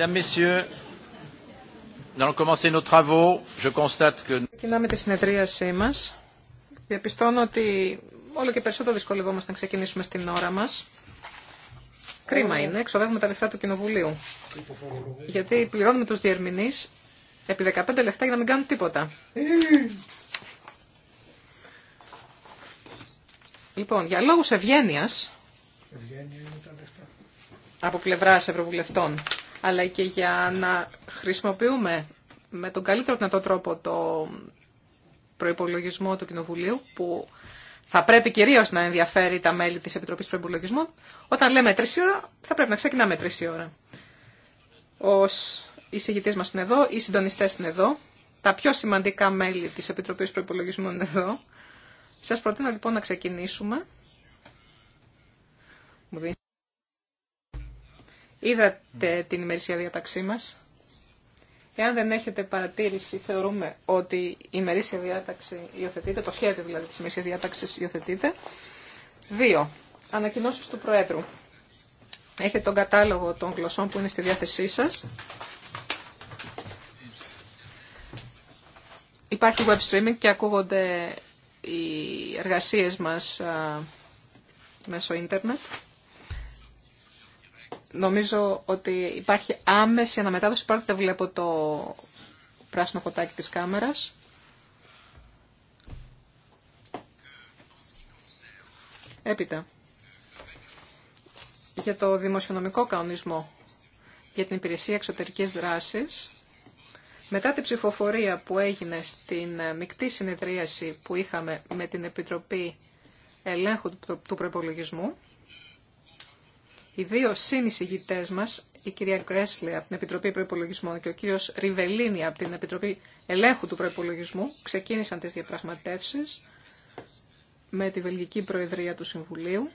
Mesdames, Messieurs, nous allons commencer nos travaux. Διαπιστώνω ότι όλο και περισσότερο δυσκολευόμαστε να ξεκινήσουμε στην ώρα μα. Κρίμα είναι, εξοδεύουμε τα λεφτά του Κοινοβουλίου. Γιατί πληρώνουμε του διερμηνείς επί 15 λεφτά για να μην κάνουν τίποτα. Λοιπόν, για λόγους ευγένειας, από πλευράς Ευρωβουλευτών, αλλά και για να χρησιμοποιούμε με τον καλύτερο δυνατό τρόπο το προϋπολογισμό του Κοινοβουλίου, που θα πρέπει κυρίως να ενδιαφέρει τα μέλη της Επιτροπής Προϋπολογισμών, όταν λέμε τρει ώρα, θα πρέπει να ξεκινάμε τρει ώρα. Ως συγητές μας είναι εδώ, οι συντονιστές είναι εδώ, τα πιο σημαντικά μέλη της Επιτροπής Προϋπολογισμών είναι εδώ. Σας προτείνω λοιπόν να ξεκινήσουμε. Είδατε την ημερησία διάταξή μας. Εάν δεν έχετε παρατήρηση, θεωρούμε ότι η ημερήσια διάταξη υιοθετείται, το σχέδιο δηλαδή της ημερήσιας διάταξης υιοθετείται. Δύο. Ανακοινώσεις του Προέδρου. Έχετε τον κατάλογο των γλωσσών που είναι στη διάθεσή σας. Υπάρχει web streaming και ακούγονται οι εργασίες μας μέσω ίντερνετ. Νομίζω ότι υπάρχει άμεση αναμετάδοση, Πράγματι δεν βλέπω το πράσινο φωτάκι της κάμερας. Έπειτα, για το δημοσιονομικό κανονισμό για την υπηρεσία εξωτερικής δράσης, μετά την ψηφοφορία που έγινε στην ε, μεικτή συνεδρίαση που είχαμε με την Επιτροπή Ελέγχου του Προπολογισμού, οι δύο συνεισηγητέ μα, η κυρία Κρέσλε από την Επιτροπή Προπολογισμών και ο κύριο Ριβελίνη από την Επιτροπή Ελέγχου του Προπολογισμού, ξεκίνησαν τι διαπραγματεύσει με τη Βελγική Προεδρία του Συμβουλίου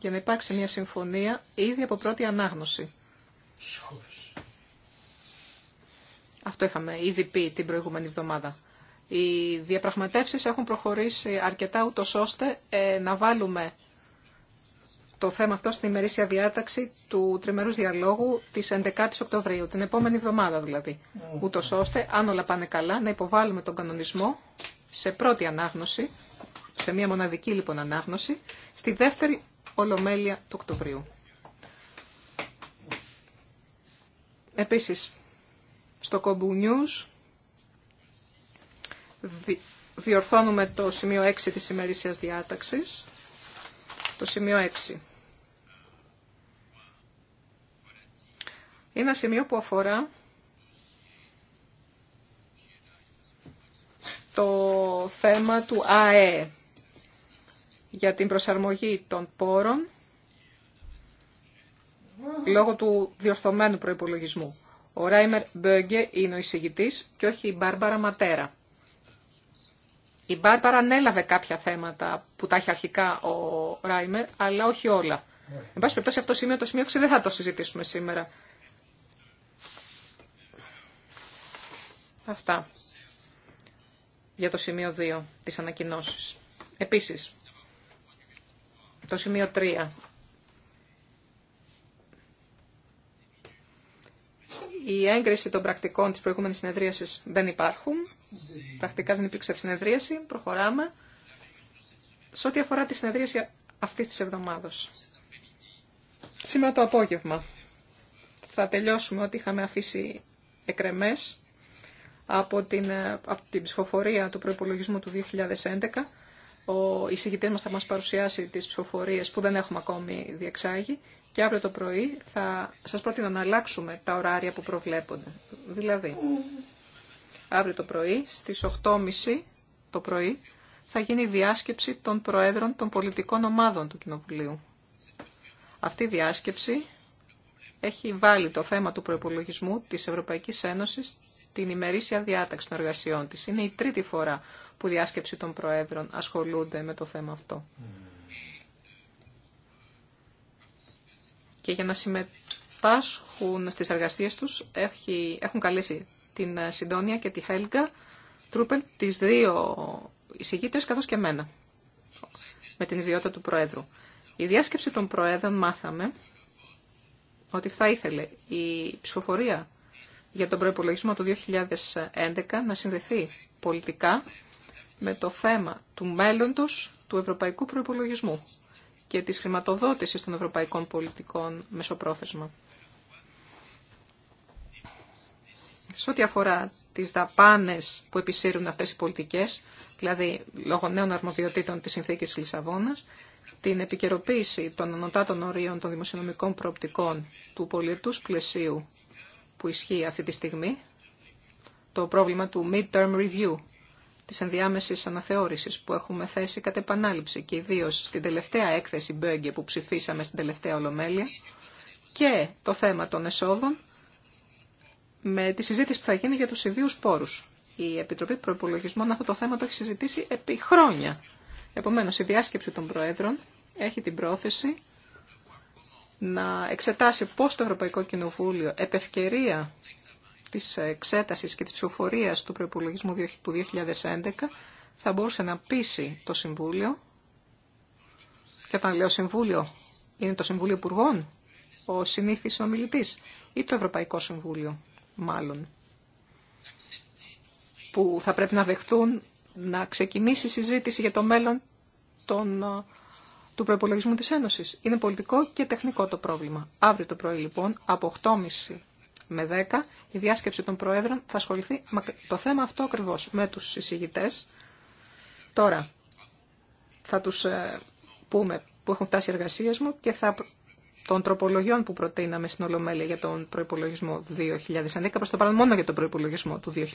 για να υπάρξει μια συμφωνία ήδη από πρώτη ανάγνωση. Αυτό είχαμε ήδη πει την προηγούμενη εβδομάδα. Οι διαπραγματεύσεις έχουν προχωρήσει αρκετά ούτω ώστε ε, να βάλουμε το θέμα αυτό στην ημερήσια διάταξη του τριμέρου διαλόγου τη 11 η Οκτωβρίου, την επόμενη εβδομάδα δηλαδή, ούτω ώστε, αν όλα πάνε καλά, να υποβάλουμε τον κανονισμό σε πρώτη ανάγνωση, σε μία μοναδική λοιπόν ανάγνωση, στη δεύτερη Ολομέλεια του Οκτωβρίου. Επίσης, στο Κομπού News διορθώνουμε το σημείο 6 της ημερήσιας διάταξης το σημείο 6. Είναι ένα σημείο που αφορά το θέμα του ΑΕ για την προσαρμογή των πόρων λόγω του διορθωμένου προϋπολογισμού. Ο Ράιμερ Μπέγκε είναι ο εισηγητής και όχι η Μπάρμπαρα Ματέρα. Η Μπάρμπαρα ανέλαβε κάποια θέματα που τα είχε αρχικά ο Ράιμερ, αλλά όχι όλα. Εν πάση περιπτώσει αυτό σημείο, το σημείο δεν θα το συζητήσουμε σήμερα. Αυτά για το σημείο 2 της ανακοινώσεις. Επίσης, το σημείο 3. Η έγκριση των πρακτικών της προηγούμενης συνεδρίασης δεν υπάρχουν πρακτικά δεν υπήρξε συνεδρίαση. Προχωράμε. Σε ό,τι αφορά τη συνεδρίαση αυτή τη εβδομάδα. Σήμερα το απόγευμα θα τελειώσουμε ό,τι είχαμε αφήσει εκρεμές από την, ε, από την ψηφοφορία του προπολογισμού του 2011. Ο εισηγητή μας θα μας παρουσιάσει τις ψηφοφορίες που δεν έχουμε ακόμη διεξάγει και αύριο το πρωί θα σας πρότεινα να αλλάξουμε τα ωράρια που προβλέπονται. Δηλαδή, αύριο το πρωί, στις 8.30 το πρωί, θα γίνει η διάσκεψη των Προέδρων των Πολιτικών Ομάδων του Κοινοβουλίου. Αυτή η διάσκεψη έχει βάλει το θέμα του προπολογισμού της Ευρωπαϊκής Ένωσης την ημερήσια διάταξη των εργασιών της. Είναι η τρίτη φορά που διάσκεψη των Προέδρων ασχολούνται με το θέμα αυτό. Και για να συμμετάσχουν στις εργασίες τους έχουν καλέσει την ε, Συντόνια και τη Χέλγκα Τρούπελ, τι δύο εισηγήτρε, καθώς και εμένα, με την ιδιότητα του Προέδρου. Η διάσκεψη των Προέδρων μάθαμε ότι θα ήθελε η ψηφοφορία για τον προϋπολογισμό του 2011 να συνδεθεί πολιτικά με το θέμα του μέλλοντος του ευρωπαϊκού προϋπολογισμού και της χρηματοδότησης των ευρωπαϊκών πολιτικών μεσοπρόθεσμα. σε ό,τι αφορά τι δαπάνε που επισύρουν αυτέ οι πολιτικέ, δηλαδή λόγω νέων αρμοδιοτήτων τη συνθήκη τη Λισαβόνας, την επικαιροποίηση των ανωτάτων ορίων των δημοσιονομικών προοπτικών του πολιτού πλαισίου που ισχύει αυτή τη στιγμή, το πρόβλημα του mid-term review, τη ενδιάμεση αναθεώρηση που έχουμε θέσει κατ' επανάληψη και ιδίω στην τελευταία έκθεση Μπέγκε που ψηφίσαμε στην τελευταία Ολομέλεια και το θέμα των εσόδων με τη συζήτηση που θα γίνει για τους ιδίους πόρους. Η Επιτροπή Προπολογισμών αυτό το θέμα το έχει συζητήσει επί χρόνια. Επομένως, η διάσκεψη των Προέδρων έχει την πρόθεση να εξετάσει πώς το Ευρωπαϊκό Κοινοβούλιο επ' ευκαιρία της εξέτασης και της ψηφοφορίας του προπολογισμού του 2011 θα μπορούσε να πείσει το Συμβούλιο και όταν λέω Συμβούλιο είναι το Συμβούλιο Υπουργών, ο συνήθι ομιλητή ή το Ευρωπαϊκό Συμβούλιο μάλλον, που θα πρέπει να δεχτούν να ξεκινήσει η συζήτηση για το μέλλον των, του προπολογισμού της Ένωσης. Είναι πολιτικό και τεχνικό το πρόβλημα. Αύριο το πρωί λοιπόν, από 8.30 με 10, η διάσκεψη των Προέδρων θα ασχοληθεί με το θέμα αυτό ακριβώς, με τους συζητητές. Τώρα, θα τους ε, πούμε που έχουν φτάσει οι εργασίες μου και θα των τροπολογιών που προτείναμε στην Ολομέλεια για τον προϋπολογισμό 2011, προς το παρόν μόνο για τον προϋπολογισμό του 2011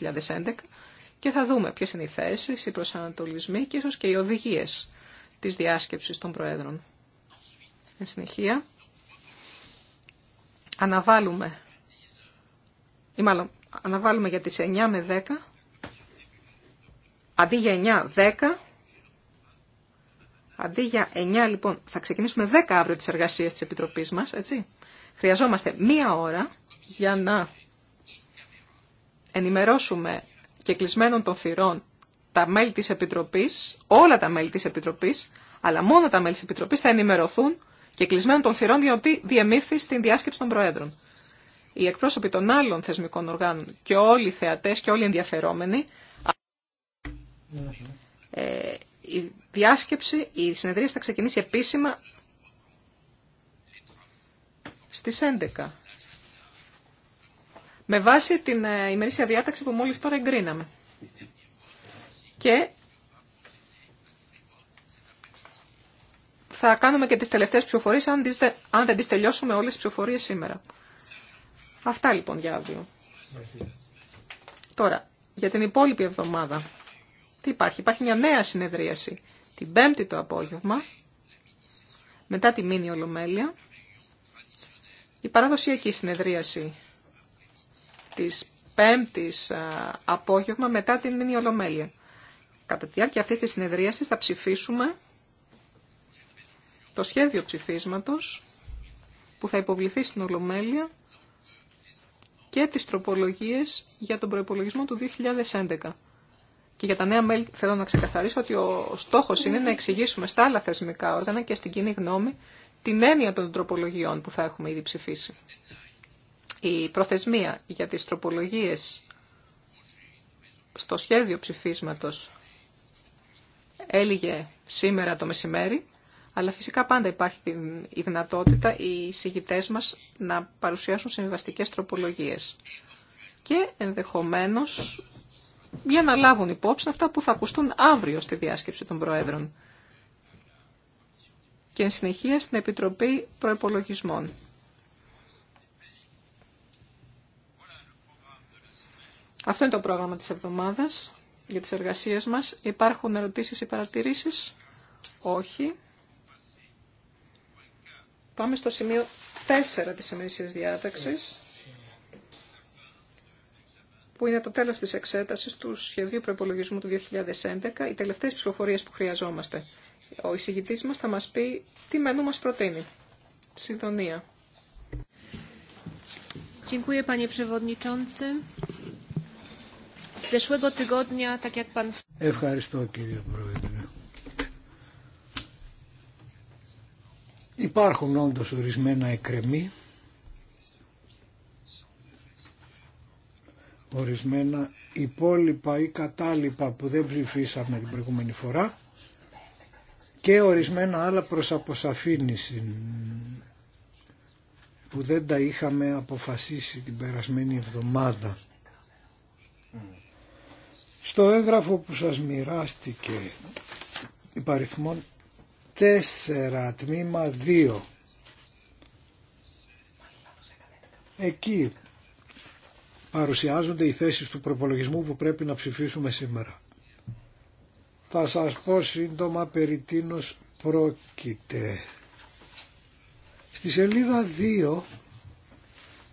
και θα δούμε ποιε είναι οι θέσει οι προσανατολισμοί και ίσω και οι οδηγίες της διάσκεψης των Προέδρων. Εν συνεχεία, αναβάλουμε, ή αναβάλουμε για τι 9 με 10, αντί για 9, 10 Αντί για 9, λοιπόν, θα ξεκινήσουμε 10 αύριο τις εργασίες της Επιτροπής μας, έτσι. Χρειαζόμαστε μία ώρα για να ενημερώσουμε και κλεισμένων των θυρών τα μέλη της Επιτροπής, όλα τα μέλη της Επιτροπής, αλλά μόνο τα μέλη της Επιτροπής θα ενημερωθούν και κλεισμένων των θυρών διότι διεμήθη στην διάσκεψη των Προέδρων. Οι εκπρόσωποι των άλλων θεσμικών οργάνων και όλοι οι θεατές και όλοι οι ενδιαφερόμενοι ναι, ναι. Ε, η διάσκεψη, η συνεδρία θα ξεκινήσει επίσημα στις 11. Με βάση την ε, ημερήσια διάταξη που μόλις τώρα εγκρίναμε. Και θα κάνουμε και τις τελευταίες ψηφοφορίες αν δεν τις τελειώσουμε όλες τις ψηφοφορίες σήμερα. Αυτά λοιπόν για αύριο. Τώρα, για την υπόλοιπη εβδομάδα τι υπάρχει. Υπάρχει μια νέα συνεδρίαση την πέμπτη το απόγευμα, μετά τη μήνυ ολομέλεια, η παραδοσιακή συνεδρίαση της πέμπτης απόγευμα μετά την μήνυ ολομέλεια. Κατά τη διάρκεια αυτής της συνεδρίασης θα ψηφίσουμε το σχέδιο ψηφίσματος που θα υποβληθεί στην Ολομέλεια και τις τροπολογίες για τον προϋπολογισμό του 2011. Και για τα νέα μέλη θέλω να ξεκαθαρίσω ότι ο στόχος είναι να εξηγήσουμε στα άλλα θεσμικά όργανα και στην κοινή γνώμη την έννοια των τροπολογιών που θα έχουμε ήδη ψηφίσει. Η προθεσμία για τις τροπολογίες στο σχέδιο ψηφίσματος έλυγε σήμερα το μεσημέρι, αλλά φυσικά πάντα υπάρχει η δυνατότητα οι συγητές μας να παρουσιάσουν συμβιβαστικές τροπολογίες. Και ενδεχομένως για να λάβουν υπόψη αυτά που θα ακουστούν αύριο στη διάσκεψη των Προέδρων και εν συνεχεία στην Επιτροπή Προϋπολογισμών. Αυτό είναι το πρόγραμμα της εβδομάδας για τις εργασίες μας. Υπάρχουν ερωτήσεις ή παρατηρήσεις. Όχι. Πάμε στο σημείο 4 της εμερήσιας διάταξης που είναι το τέλος της εξέτασης του σχεδίου προπολογισμού του 2011, οι τελευταίες ψηφοφορίες που χρειαζόμαστε. Ο εισηγητής μας θα μας πει τι μενού μας προτείνει. Συντονία. Dziękuję panie przewodniczący. Zeszłego tygodnia, tak jak pan... Ευχαριστώ κύριε Πρόεδρε. Υπάρχουν όντως ορισμένα εκκρεμή ορισμένα υπόλοιπα ή κατάλοιπα που δεν ψηφίσαμε την προηγούμενη φορά και ορισμένα άλλα προς αποσαφήνιση που δεν τα είχαμε αποφασίσει την περασμένη εβδομάδα. Στο έγγραφο που σας μοιράστηκε υπαριθμών 4 τμήμα 2 εκεί παρουσιάζονται οι θέσεις του προπολογισμού που πρέπει να ψηφίσουμε σήμερα. Θα σας πω σύντομα περί τίνος πρόκειται. Στη σελίδα 2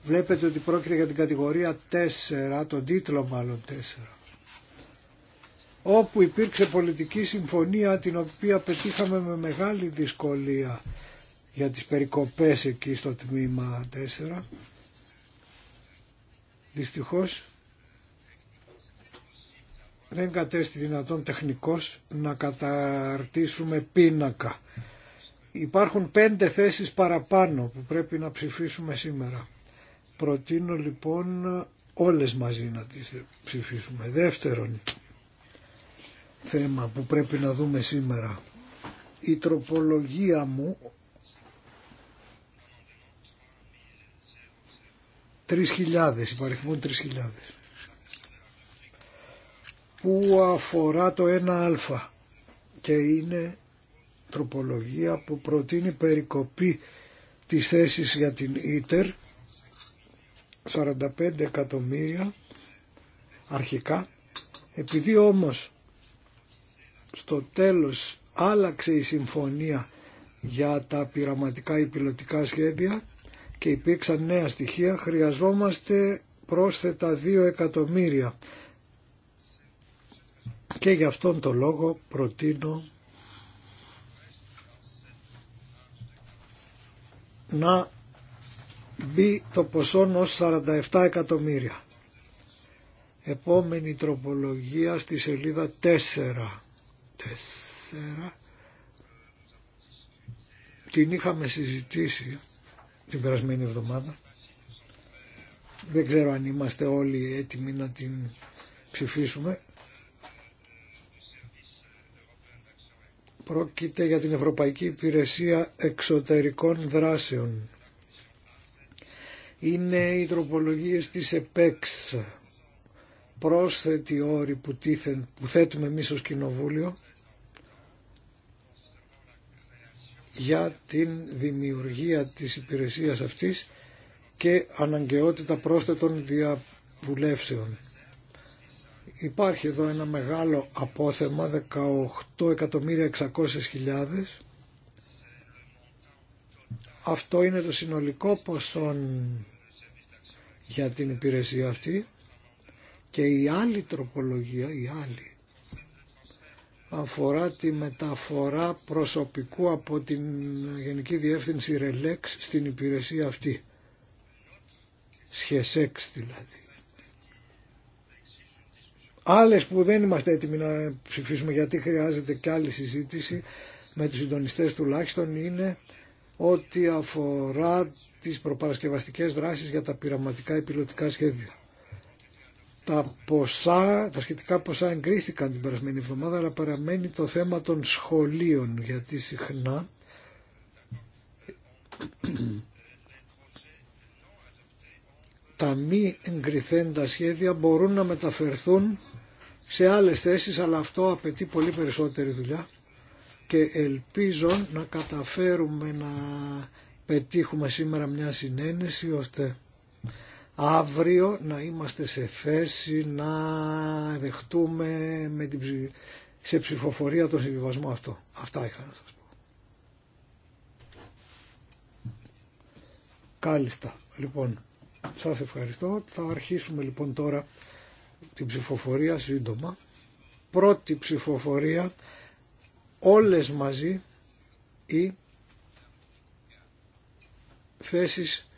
βλέπετε ότι πρόκειται για την κατηγορία 4, τον τίτλο μάλλον 4 όπου υπήρξε πολιτική συμφωνία την οποία πετύχαμε με μεγάλη δυσκολία για τις περικοπές εκεί στο τμήμα 4 Δυστυχώς δεν κατέστη δυνατόν τεχνικός να καταρτήσουμε πίνακα. Υπάρχουν πέντε θέσεις παραπάνω που πρέπει να ψηφίσουμε σήμερα. Προτείνω λοιπόν όλες μαζί να τις ψηφίσουμε. Δεύτερον θέμα που πρέπει να δούμε σήμερα. Η τροπολογία μου 3.000, υπαριθμούν 3.000 που αφορά το 1α και είναι τροπολογία που προτείνει περικοπή της θέσης για την ίτερ 45 εκατομμύρια αρχικά επειδή όμως στο τέλος άλλαξε η συμφωνία για τα πειραματικά ή πιλωτικά σχέδια και υπήρξαν νέα στοιχεία, χρειαζόμαστε πρόσθετα 2 εκατομμύρια. Και γι' αυτόν τον λόγο προτείνω να μπει το ποσό ως 47 εκατομμύρια. Επόμενη τροπολογία στη σελίδα 4. 4. Την είχαμε συζητήσει την περασμένη εβδομάδα. Δεν ξέρω αν είμαστε όλοι έτοιμοι να την ψηφίσουμε. Πρόκειται για την Ευρωπαϊκή Υπηρεσία Εξωτερικών Δράσεων. Είναι οι τροπολογίες της ΕΠΕΞ, Πρόσθετη όρη που, που θέτουμε εμείς ως Κοινοβούλιο για την δημιουργία της υπηρεσίας αυτής και αναγκαιότητα πρόσθετων διαβουλεύσεων. Υπάρχει εδώ ένα μεγάλο απόθεμα 18.600.000 αυτό είναι το συνολικό ποσό για την υπηρεσία αυτή και η άλλη τροπολογία, η άλλη αφορά τη μεταφορά προσωπικού από την Γενική Διεύθυνση Ρελέξ στην υπηρεσία αυτή. Σχεσέξ δηλαδή. Άλλες που δεν είμαστε έτοιμοι να ψηφίσουμε γιατί χρειάζεται και άλλη συζήτηση με τους συντονιστές τουλάχιστον είναι ότι αφορά τις προπαρασκευαστικές δράσεις για τα πειραματικά επιλοτικά σχέδια. Τα, ποσά, τα σχετικά ποσά εγκρίθηκαν την περασμένη εβδομάδα, αλλά παραμένει το θέμα των σχολείων, γιατί συχνά τα μη εγκριθέντα σχέδια μπορούν να μεταφερθούν σε άλλες θέσεις, αλλά αυτό απαιτεί πολύ περισσότερη δουλειά και ελπίζω να καταφέρουμε να πετύχουμε σήμερα μια συνένεση ώστε αύριο να είμαστε σε θέση να δεχτούμε με την, σε ψηφοφορία τον συμβιβασμό αυτό. Αυτά είχα να σας πω. Κάλιστα. Λοιπόν, σας ευχαριστώ. Θα αρχίσουμε λοιπόν τώρα την ψηφοφορία σύντομα. Πρώτη ψηφοφορία όλες μαζί οι θέσεις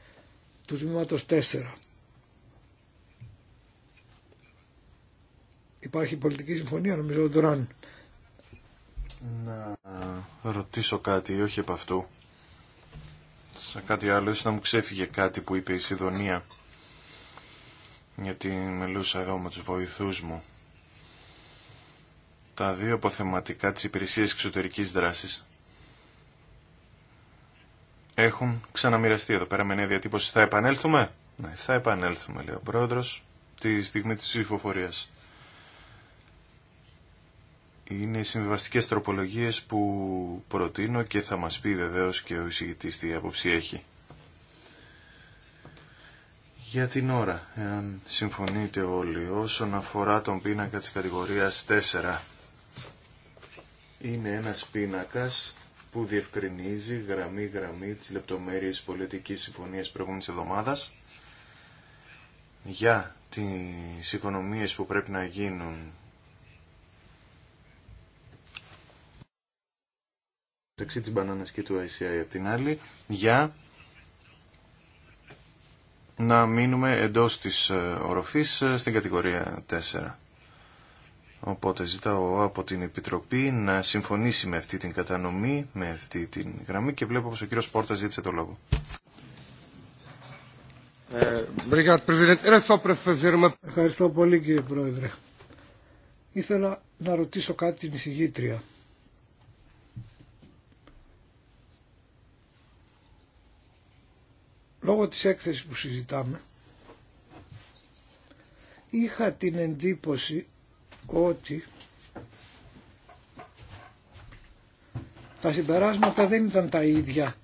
του τμήματος 4. Υπάρχει πολιτική συμφωνία νομίζω τον Ραν. Να ρωτήσω κάτι, όχι από αυτού. Σε κάτι άλλο, ίσως να μου ξέφυγε κάτι που είπε η Σιδονία. Γιατί μελούσα εδώ με τους βοηθούς μου. Τα δύο αποθεματικά της υπηρεσίας εξωτερικής δράσης έχουν ξαναμοιραστεί εδώ πέρα με νέα διατύπωση. Θα επανέλθουμε. Ναι, θα επανέλθουμε, λέει ο πρόεδρος, τη στιγμή της ψηφοφορίας είναι οι συμβιβαστικές τροπολογίες που προτείνω και θα μας πει βεβαίως και ο εισηγητής τι άποψη έχει. Για την ώρα, εάν συμφωνείτε όλοι, όσον αφορά τον πίνακα της κατηγορίας 4, είναι ένας πίνακας που διευκρινίζει γραμμή-γραμμή τις λεπτομέρειες πολιτικής συμφωνίας προηγούμενης εβδομάδας για τις οικονομίες που πρέπει να γίνουν μεταξύ της μπανάνας και του ICI από την άλλη για να μείνουμε εντός της ε, οροφής ε, στην κατηγορία 4. Οπότε ζητάω από την Επιτροπή να συμφωνήσει με αυτή την κατανομή, με αυτή την γραμμή και βλέπω πως ο κύριος Πόρτας ζήτησε το λόγο. Ευχαριστώ πολύ κύριε Πρόεδρε. Ήθελα να ρωτήσω κάτι την εισηγήτρια. λόγω της έκθεσης που συζητάμε είχα την εντύπωση ότι τα συμπεράσματα δεν ήταν τα ίδια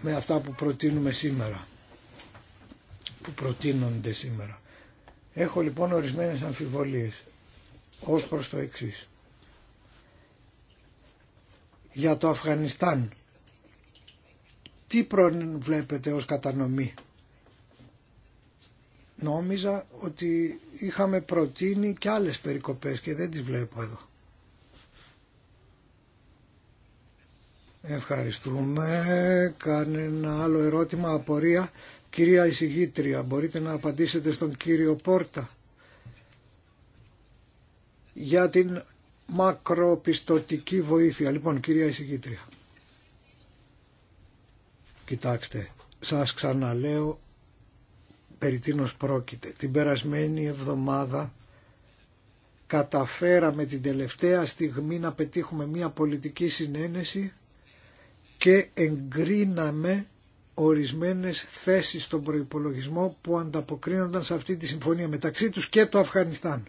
με αυτά που προτείνουμε σήμερα που προτείνονται σήμερα έχω λοιπόν ορισμένες αμφιβολίες ως προς το εξής για το Αφγανιστάν τι βλέπετε ως κατανομή. Νόμιζα ότι είχαμε προτείνει και άλλες περικοπές και δεν τις βλέπω εδώ. Ευχαριστούμε. Κάνε ένα άλλο ερώτημα, απορία. Κυρία εισηγήτρια, μπορείτε να απαντήσετε στον κύριο Πόρτα για την μακροπιστωτική βοήθεια. Λοιπόν, κυρία εισηγήτρια. Κοιτάξτε, σας ξαναλέω περί τίνος πρόκειται. Την περασμένη εβδομάδα καταφέραμε την τελευταία στιγμή να πετύχουμε μια πολιτική συνένεση και εγκρίναμε ορισμένες θέσεις στον προϋπολογισμό που ανταποκρίνονταν σε αυτή τη συμφωνία μεταξύ τους και το Αφγανιστάν.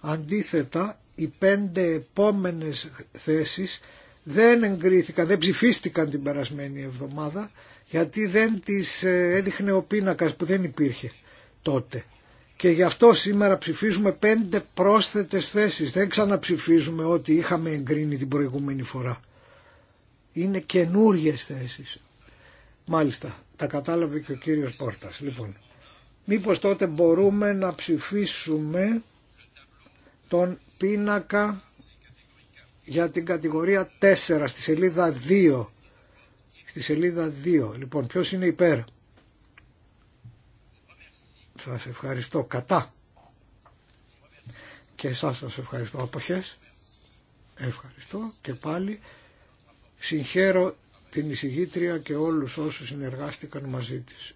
Αντίθετα, οι πέντε επόμενες θέσεις δεν εγκρίθηκαν, δεν ψηφίστηκαν την περασμένη εβδομάδα γιατί δεν τις ε, έδειχνε ο πίνακας που δεν υπήρχε τότε. Και γι' αυτό σήμερα ψηφίζουμε πέντε πρόσθετες θέσεις. Δεν ξαναψηφίζουμε ό,τι είχαμε εγκρίνει την προηγούμενη φορά. Είναι καινούριε θέσεις. Μάλιστα, τα κατάλαβε και ο κύριος Πόρτας. Λοιπόν, μήπως τότε μπορούμε να ψηφίσουμε τον πίνακα για την κατηγορία 4 στη σελίδα 2. Στη σελίδα 2. Λοιπόν, ποιος είναι υπέρ. Σας ευχαριστώ. Κατά. Και εσάς σας ευχαριστώ. αποχέ. Ευχαριστώ και πάλι. Συγχαίρω την εισηγήτρια και όλους όσους συνεργάστηκαν μαζί της.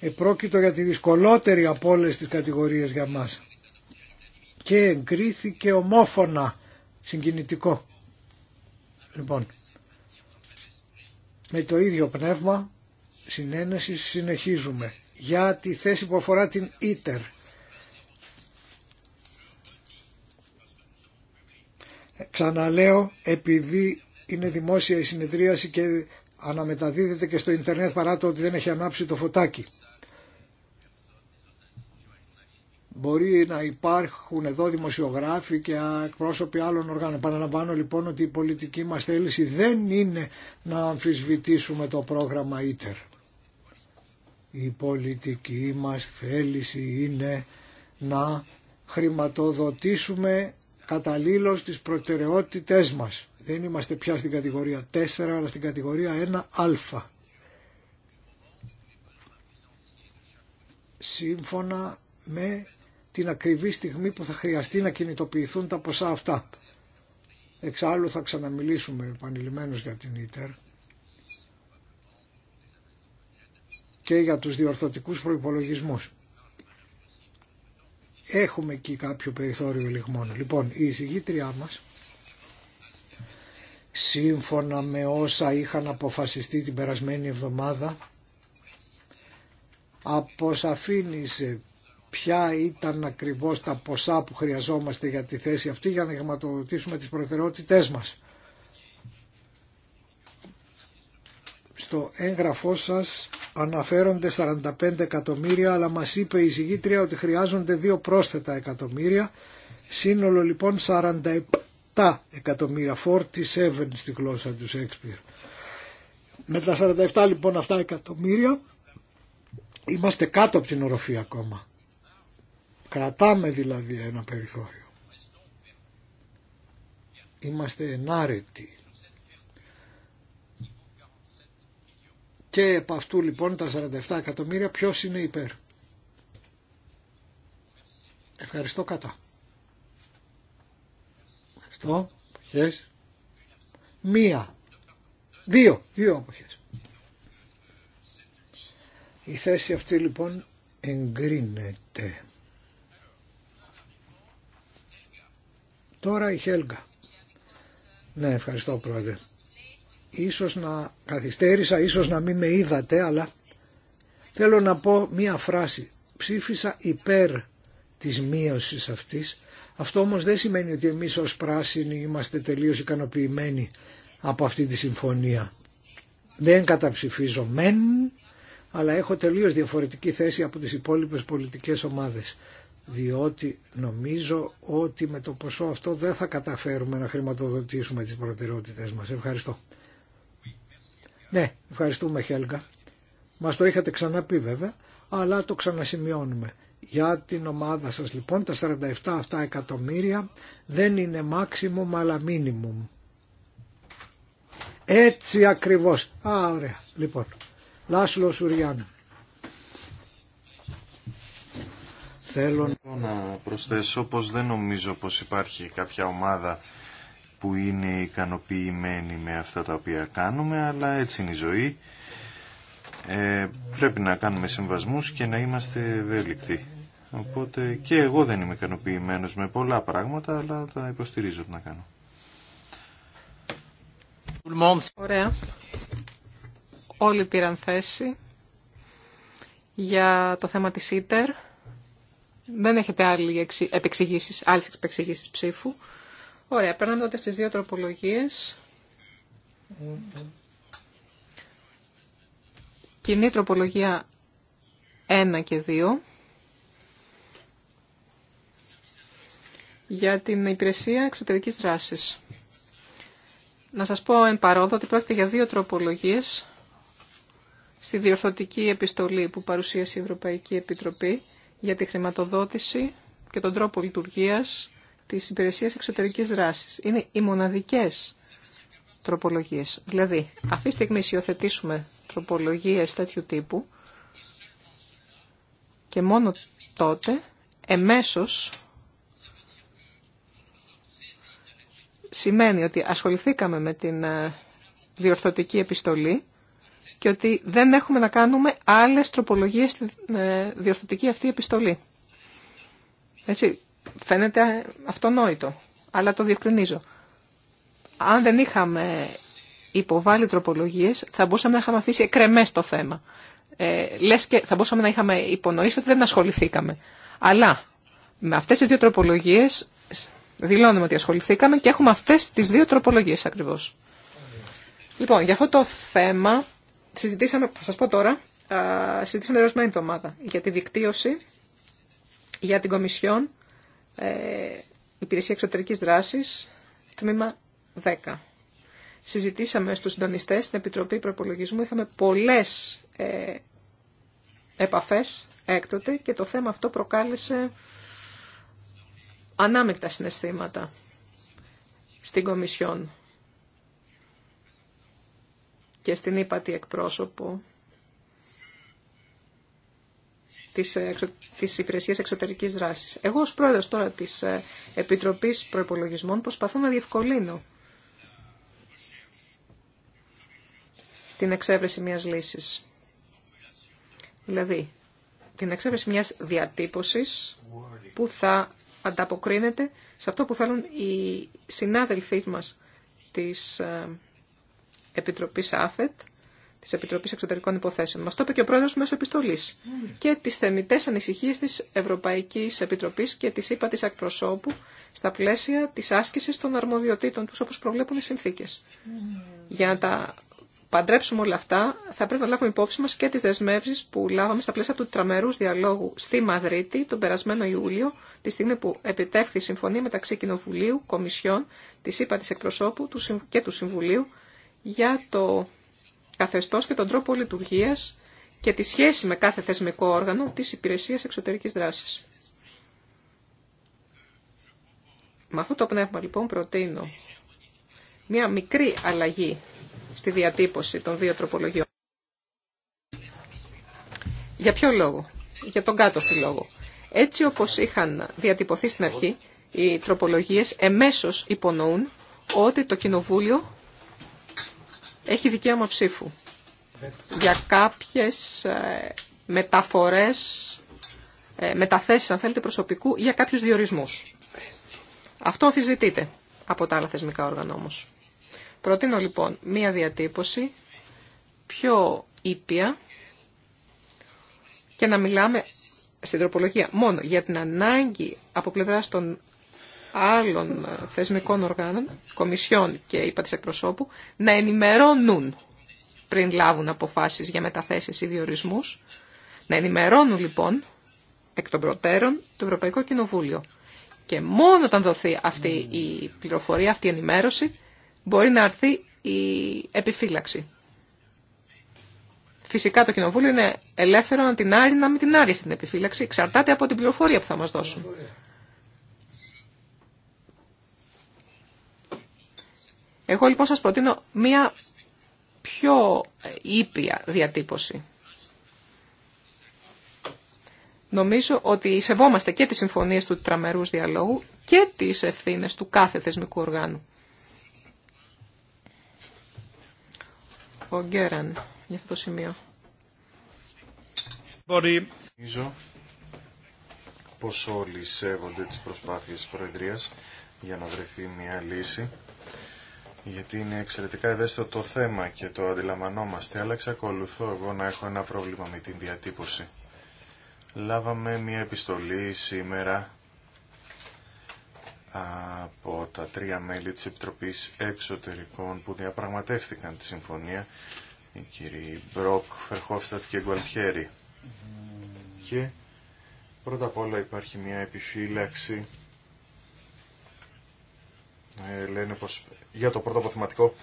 Επρόκειτο για τη δυσκολότερη από όλες τις κατηγορίες για μας και εγκρίθηκε ομόφωνα συγκινητικό. Λοιπόν, με το ίδιο πνεύμα συνένεση συνεχίζουμε για τη θέση που αφορά την ίτερ. Ξαναλέω, επειδή είναι δημόσια η συνεδρίαση και αναμεταδίδεται και στο ίντερνετ παρά το ότι δεν έχει ανάψει το φωτάκι. Μπορεί να υπάρχουν εδώ δημοσιογράφοι και εκπρόσωποι άλλων οργάνων. Επαναλαμβάνω λοιπόν ότι η πολιτική μας θέληση δεν είναι να αμφισβητήσουμε το πρόγραμμα ΙΤΕΡ. Η πολιτική μας θέληση είναι να χρηματοδοτήσουμε καταλήλως τις προτεραιότητές μας. Δεν είμαστε πια στην κατηγορία 4 αλλά στην κατηγορία 1α. Σύμφωνα με την ακριβή στιγμή που θα χρειαστεί να κινητοποιηθούν τα ποσά αυτά. Εξάλλου θα ξαναμιλήσουμε επανειλημμένως για την ΙΤΕΡ και για τους διορθωτικούς προϋπολογισμούς. Έχουμε εκεί κάποιο περιθώριο λιγμών. Λοιπόν, η εισηγήτριά μας, σύμφωνα με όσα είχαν αποφασιστεί την περασμένη εβδομάδα, αποσαφήνισε ποια ήταν ακριβώς τα ποσά που χρειαζόμαστε για τη θέση αυτή για να χρηματοδοτήσουμε τις προτεραιότητές μας. Στο έγγραφό σας αναφέρονται 45 εκατομμύρια αλλά μας είπε η συγγήτρια ότι χρειάζονται δύο πρόσθετα εκατομμύρια σύνολο λοιπόν 47 εκατομμύρια 47 στη γλώσσα του Σέξπιρ. Με τα 47 λοιπόν αυτά εκατομμύρια είμαστε κάτω από την οροφή ακόμα. Κρατάμε δηλαδή ένα περιθώριο. Είμαστε ενάρετοι. Και από αυτού λοιπόν τα 47 εκατομμύρια ποιος είναι υπέρ. Ευχαριστώ κατά. Ευχαριστώ. Ποιες; Μία. Δύο. Δύο αποχές. Η θέση αυτή λοιπόν εγκρίνεται. Τώρα η Χέλγα. Ναι, ευχαριστώ πρόεδρε. Ίσως να καθυστέρησα, ίσως να μην με είδατε, αλλά θέλω να πω μία φράση. Ψήφισα υπέρ της μείωσης αυτής. Αυτό όμως δεν σημαίνει ότι εμείς ως πράσινοι είμαστε τελείως ικανοποιημένοι από αυτή τη συμφωνία. Δεν καταψηφίζω μεν, αλλά έχω τελείως διαφορετική θέση από τις υπόλοιπες πολιτικές ομάδες διότι νομίζω ότι με το ποσό αυτό δεν θα καταφέρουμε να χρηματοδοτήσουμε τις προτεραιότητες μας. Ευχαριστώ. Ναι, ευχαριστούμε Χέλγα. Μας το είχατε ξαναπεί βέβαια, αλλά το ξανασημειώνουμε. Για την ομάδα σας λοιπόν τα 47 αυτά εκατομμύρια δεν είναι maximum αλλά minimum. Έτσι ακριβώς. Α, ωραία. Λοιπόν, Λάσλο Σουριάννα. Θέλω να προσθέσω πως δεν νομίζω πως υπάρχει κάποια ομάδα που είναι ικανοποιημένη με αυτά τα οποία κάνουμε, αλλά έτσι είναι η ζωή. Ε, πρέπει να κάνουμε συμβασμούς και να είμαστε ευέλικτοι. Οπότε και εγώ δεν είμαι ικανοποιημένος με πολλά πράγματα, αλλά τα υποστηρίζω να κάνω. Ωραία. Όλοι πήραν θέση για το θέμα της ίτερ. Δεν έχετε άλλη επεξηγήσεις, άλλες επεξηγήσεις ψήφου. Ωραία, περνάμε τότε στις δύο τροπολογίες. Κοινή τροπολογία 1 και 2. για την υπηρεσία εξωτερικής δράσης. Να σας πω εν παρόδο ότι πρόκειται για δύο τροπολογίες στη διορθωτική επιστολή που παρουσίασε η Ευρωπαϊκή Επιτροπή για τη χρηματοδότηση και τον τρόπο λειτουργίας της υπηρεσίας εξωτερικής δράσης. Είναι οι μοναδικές τροπολογίες. Δηλαδή, αυτή τη στιγμή υιοθετήσουμε τροπολογίες τέτοιου τύπου και μόνο τότε, εμέσως, σημαίνει ότι ασχοληθήκαμε με την ε, διορθωτική επιστολή και ότι δεν έχουμε να κάνουμε άλλες τροπολογίες στη διορθωτική αυτή επιστολή. Έτσι, φαίνεται αυτονόητο, αλλά το διευκρινίζω. Αν δεν είχαμε υποβάλει τροπολογίες, θα μπορούσαμε να είχαμε αφήσει εκρεμές το θέμα. Ε, λες και θα μπορούσαμε να είχαμε υπονοήσει ότι δεν ασχοληθήκαμε. Αλλά με αυτές τις δύο τροπολογίες δηλώνουμε ότι ασχοληθήκαμε και έχουμε αυτές τις δύο τροπολογίες ακριβώς. Λοιπόν, για αυτό το θέμα συζητήσαμε, θα σας πω τώρα, συζητήσαμε την εβδομάδα για τη δικτύωση, για την Κομισιόν, ε, Υπηρεσία Εξωτερικής Δράσης, τμήμα 10. Συζητήσαμε στους συντονιστές στην Επιτροπή Προπολογισμού, είχαμε πολλές ε, επαφές έκτοτε και το θέμα αυτό προκάλεσε ανάμεικτα συναισθήματα στην Κομισιόν και στην ύπατη εκπρόσωπο της, ε, εξω, της Υπηρεσίας Εξωτερικής Δράσης. Εγώ ως πρόεδρος τώρα της ε, Επιτροπής Προϋπολογισμών προσπαθώ να διευκολύνω την εξέβρεση μιας λύσης. Δηλαδή, την εξέβρεση μιας διατύπωσης που θα ανταποκρίνεται σε αυτό που θέλουν οι συνάδελφοί μας της ε, Επιτροπή ΑΦΕΤ, τη Επιτροπή Εξωτερικών Υποθέσεων. Μας το είπε και ο πρόεδρο μέσω επιστολής ναι. και τι θεμητέ ανησυχίε τη Ευρωπαϊκή Επιτροπή και τη ΥΠΑ της Ακπροσώπου στα πλαίσια τη άσκηση των αρμοδιοτήτων του όπω προβλέπουν οι συνθήκες. Ναι. Για να τα παντρέψουμε όλα αυτά, θα πρέπει να λάβουμε υπόψη μα και τι δεσμεύσει που λάβαμε στα πλαίσια του τραμερού διαλόγου στη Μαδρίτη τον περασμένο Ιούλιο, τη στιγμή που επιτεύχθη η συμφωνία μεταξύ Κοινοβουλίου, Κομισιών, τη ΥΠΑ Εκπροσώπου και του Συμβουλίου για το καθεστώς και τον τρόπο λειτουργίας και τη σχέση με κάθε θεσμικό όργανο της υπηρεσίας εξωτερικής δράσης. Με αυτό το πνεύμα λοιπόν προτείνω μία μικρή αλλαγή στη διατύπωση των δύο τροπολογιών. Για ποιο λόγο, για τον κάτωθι λόγο. Έτσι όπως είχαν διατυπωθεί στην αρχή, οι τροπολογίες εμέσως υπονοούν ότι το Κοινοβούλιο έχει δικαίωμα ψήφου για κάποιες ε, μεταφορές, ε, μεταθέσεις αν θέλετε προσωπικού ή για κάποιους διορισμούς. Αυτό αμφισβητείται από τα άλλα θεσμικά όργανα όμως. Προτείνω λοιπόν μία διατύπωση πιο ήπια και να μιλάμε στην τροπολογία μόνο για την ανάγκη από πλευρά των άλλων ε, θεσμικών οργάνων, κομισιών και είπα της εκπροσώπου, να ενημερώνουν πριν λάβουν αποφάσεις για μεταθέσεις ή διορισμούς, να ενημερώνουν λοιπόν εκ των προτέρων το Ευρωπαϊκό Κοινοβούλιο. Και μόνο όταν δοθεί αυτή η πληροφορία, αυτή η ενημέρωση, μπορεί να έρθει η επιφύλαξη. Φυσικά το Κοινοβούλιο είναι ελεύθερο να την άρει, να μην την άρει αυτή την επιφύλαξη. Εξαρτάται από την πληροφορία που θα μας δώσουν. Εγώ λοιπόν σας προτείνω μία πιο ήπια διατύπωση. Νομίζω ότι σεβόμαστε και τις συμφωνίες του τραμερούς διαλόγου και τις ευθύνες του κάθε θεσμικού οργάνου. Ο Γκέραν, για αυτό το σημείο. Νομίζω πως όλοι σέβονται τις προσπάθειες της Προεδρίας για να βρεθεί μια λύση γιατί είναι εξαιρετικά ευαίσθητο το θέμα και το αντιλαμβανόμαστε, αλλά εξακολουθώ εγώ να έχω ένα πρόβλημα με την διατύπωση. Λάβαμε μια επιστολή σήμερα από τα τρία μέλη της Επιτροπής Εξωτερικών που διαπραγματεύτηκαν τη συμφωνία, οι κύριοι Μπροκ, Φερχόφστατ και Γκουαλτιέρη. Και πρώτα απ' όλα υπάρχει μια επιφύλαξη. Ε, λένε πως για το πρώτο αποθηματικό,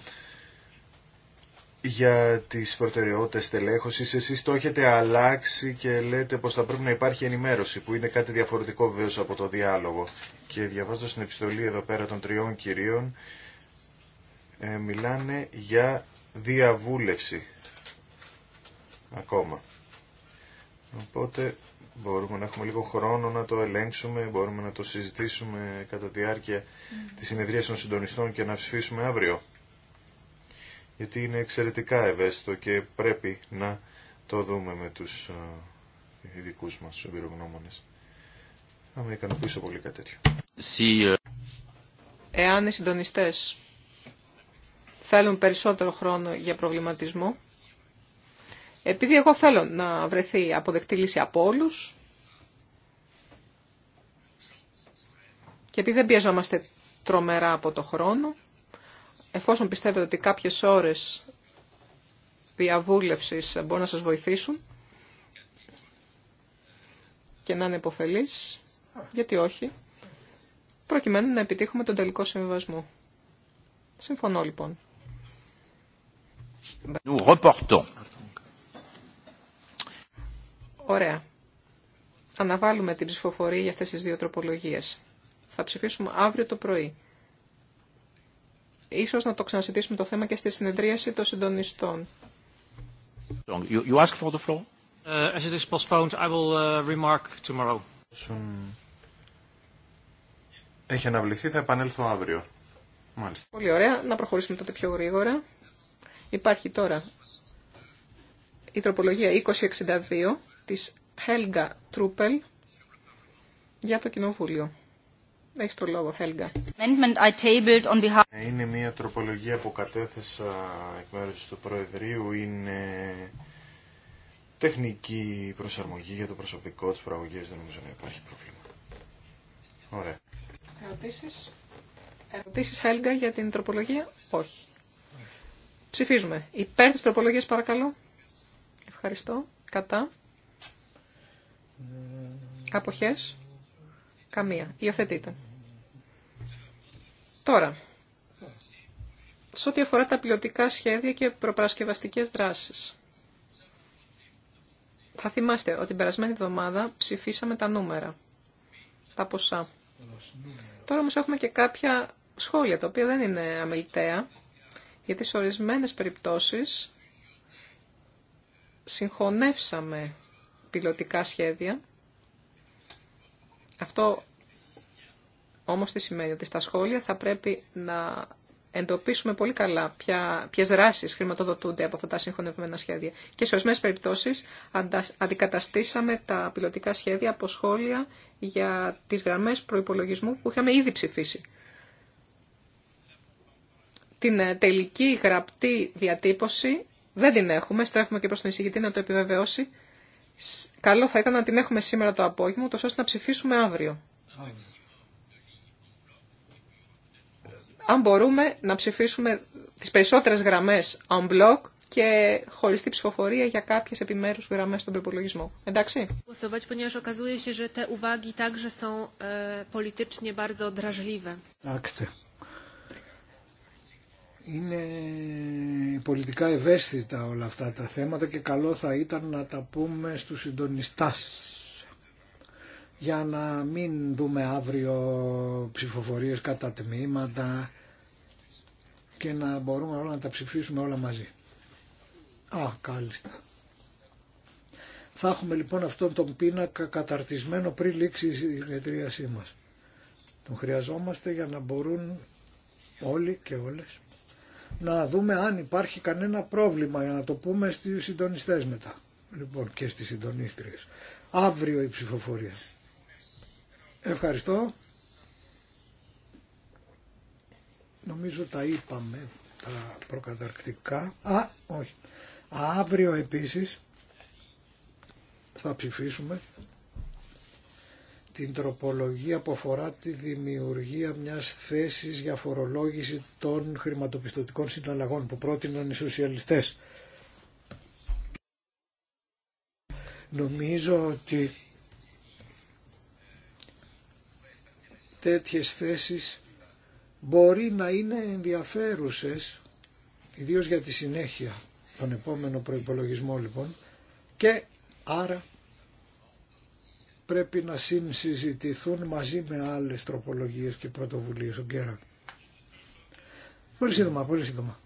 για τις προτεραιότητες τελέχωσης. Εσείς το έχετε αλλάξει και λέτε πως θα πρέπει να υπάρχει ενημέρωση, που είναι κάτι διαφορετικό βέβαια από το διάλογο. Και διαβάζοντας την επιστολή εδώ πέρα των τριών κυρίων, ε, μιλάνε για διαβούλευση ακόμα. Οπότε μπορούμε να έχουμε λίγο χρόνο να το ελέγξουμε, μπορούμε να το συζητήσουμε κατά τη διάρκεια mm. της συνεδρίας των συντονιστών και να ψηφίσουμε αύριο. Γιατί είναι εξαιρετικά ευαίσθητο και πρέπει να το δούμε με τους ειδικού μας εμπειρογνώμονες. Θα με ικανοποιήσω πολύ κάτι τέτοιο. Ε, Εάν οι συντονιστές θέλουν περισσότερο χρόνο για προβληματισμό, επειδή εγώ θέλω να βρεθεί αποδεκτή λύση από όλου. και επειδή δεν πιεζόμαστε τρομερά από το χρόνο, εφόσον πιστεύετε ότι κάποιες ώρες διαβούλευσης μπορούν να σας βοηθήσουν και να είναι υποφελείς, γιατί όχι, προκειμένου να επιτύχουμε τον τελικό συμβιβασμό. Συμφωνώ λοιπόν. Nous Ωραία. Αναβάλουμε την ψηφοφορία για αυτές τις δύο τροπολογίες. Θα ψηφίσουμε αύριο το πρωί. Ίσως να το ξανασυντήσουμε το θέμα και στη συνεδρίαση των συντονιστών. You ask for the floor. Uh, as it is postponed, I will uh, remark tomorrow. Έχει αναβληθεί, θα επανέλθω αύριο. Μάλιστα. Πολύ ωραία. Να προχωρήσουμε τότε πιο γρήγορα. Υπάρχει τώρα η τροπολογία 2062 της Helga Τρούπελ για το Κοινοβούλιο. Έχεις το λόγο, Helga. Ναι, είναι μια τροπολογία που κατέθεσα εκ μέρους του Προεδρείου. Είναι τεχνική προσαρμογή για το προσωπικό της παραγωγής. Δεν νομίζω να υπάρχει πρόβλημα. Ωραία. Ερωτήσεις. Ερωτήσεις, Helga, για την τροπολογία. Όχι. Ψηφίζουμε. Υπέρ της τροπολογίας, παρακαλώ. Ευχαριστώ. Κατά. Αποχές. Καμία. Υιοθετείτε. Τώρα, σε ό,τι αφορά τα πιλωτικά σχέδια και προπαρασκευαστικές δράσεις. Θα θυμάστε ότι την περασμένη εβδομάδα ψηφίσαμε τα νούμερα, τα ποσά. Τώρα όμως έχουμε και κάποια σχόλια, τα οποία δεν είναι αμεληταία, γιατί σε ορισμένες περιπτώσεις συγχωνεύσαμε πιλωτικά σχέδια. Αυτό όμως τι σημαίνει ότι στα σχόλια θα πρέπει να εντοπίσουμε πολύ καλά ποια, ποιες δράσεις χρηματοδοτούνται από αυτά τα συγχωνευμένα σχέδια. Και σε ορισμένε περιπτώσεις αντικαταστήσαμε τα πιλωτικά σχέδια από σχόλια για τις γραμμές προϋπολογισμού που είχαμε ήδη ψηφίσει. Την ε, τελική γραπτή διατύπωση δεν την έχουμε, στρέφουμε και προς τον εισηγητή να το επιβεβαιώσει καλό θα ήταν να την έχουμε σήμερα το απόγευμα, τόσο ώστε να ψηφίσουμε αύριο. Αν μπορούμε να ψηφίσουμε τις περισσότερες γραμμές on block και χωριστή ψηφοφορία για κάποιες επιμέρους γραμμές στον προπολογισμό. Εντάξει. Είναι πολιτικά ευαίσθητα όλα αυτά τα θέματα και καλό θα ήταν να τα πούμε στους συντονιστάς για να μην δούμε αύριο ψηφοφορίες κατά τμήματα και να μπορούμε όλα να τα ψηφίσουμε όλα μαζί. Α, κάλλιστα. Θα έχουμε λοιπόν αυτόν τον πίνακα καταρτισμένο πριν λήξει η συγκεντρίασή μας. Τον χρειαζόμαστε για να μπορούν όλοι και όλες να δούμε αν υπάρχει κανένα πρόβλημα για να το πούμε στις συντονιστές μετά. Λοιπόν και στις συντονίστριες. Αύριο η ψηφοφορία. Ευχαριστώ. Νομίζω τα είπαμε τα προκαταρκτικά. Α, όχι. Αύριο επίσης θα ψηφίσουμε την τροπολογία που αφορά τη δημιουργία μιας θέσης για φορολόγηση των χρηματοπιστωτικών συναλλαγών που πρότειναν οι σοσιαλιστές. Νομίζω ότι τέτοιες θέσεις μπορεί να είναι ενδιαφέρουσες, ιδίως για τη συνέχεια, τον επόμενο προϋπολογισμό λοιπόν, και άρα πρέπει να συνσυζητηθούν μαζί με άλλες τροπολογίες και πρωτοβουλίες. στον κέρα. Πολύ σύντομα, πολύ σύντομα.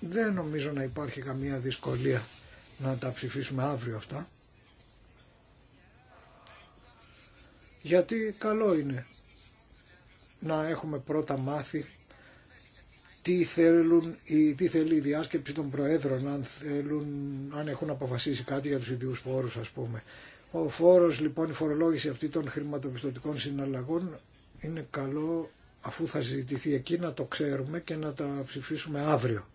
Δεν νομίζω να υπάρχει καμία δυσκολία να τα ψηφίσουμε αύριο αυτά. Γιατί καλό είναι να έχουμε πρώτα μάθει τι, θέλουν, τι θέλει η διάσκεψη των προέδρων αν, θέλουν, αν έχουν αποφασίσει κάτι για τους ιδίους φόρους ας πούμε. Ο φόρος λοιπόν η φορολόγηση αυτή των χρηματοπιστωτικών συναλλαγών είναι καλό αφού θα συζητηθεί εκεί να το ξέρουμε και να τα ψηφίσουμε αύριο.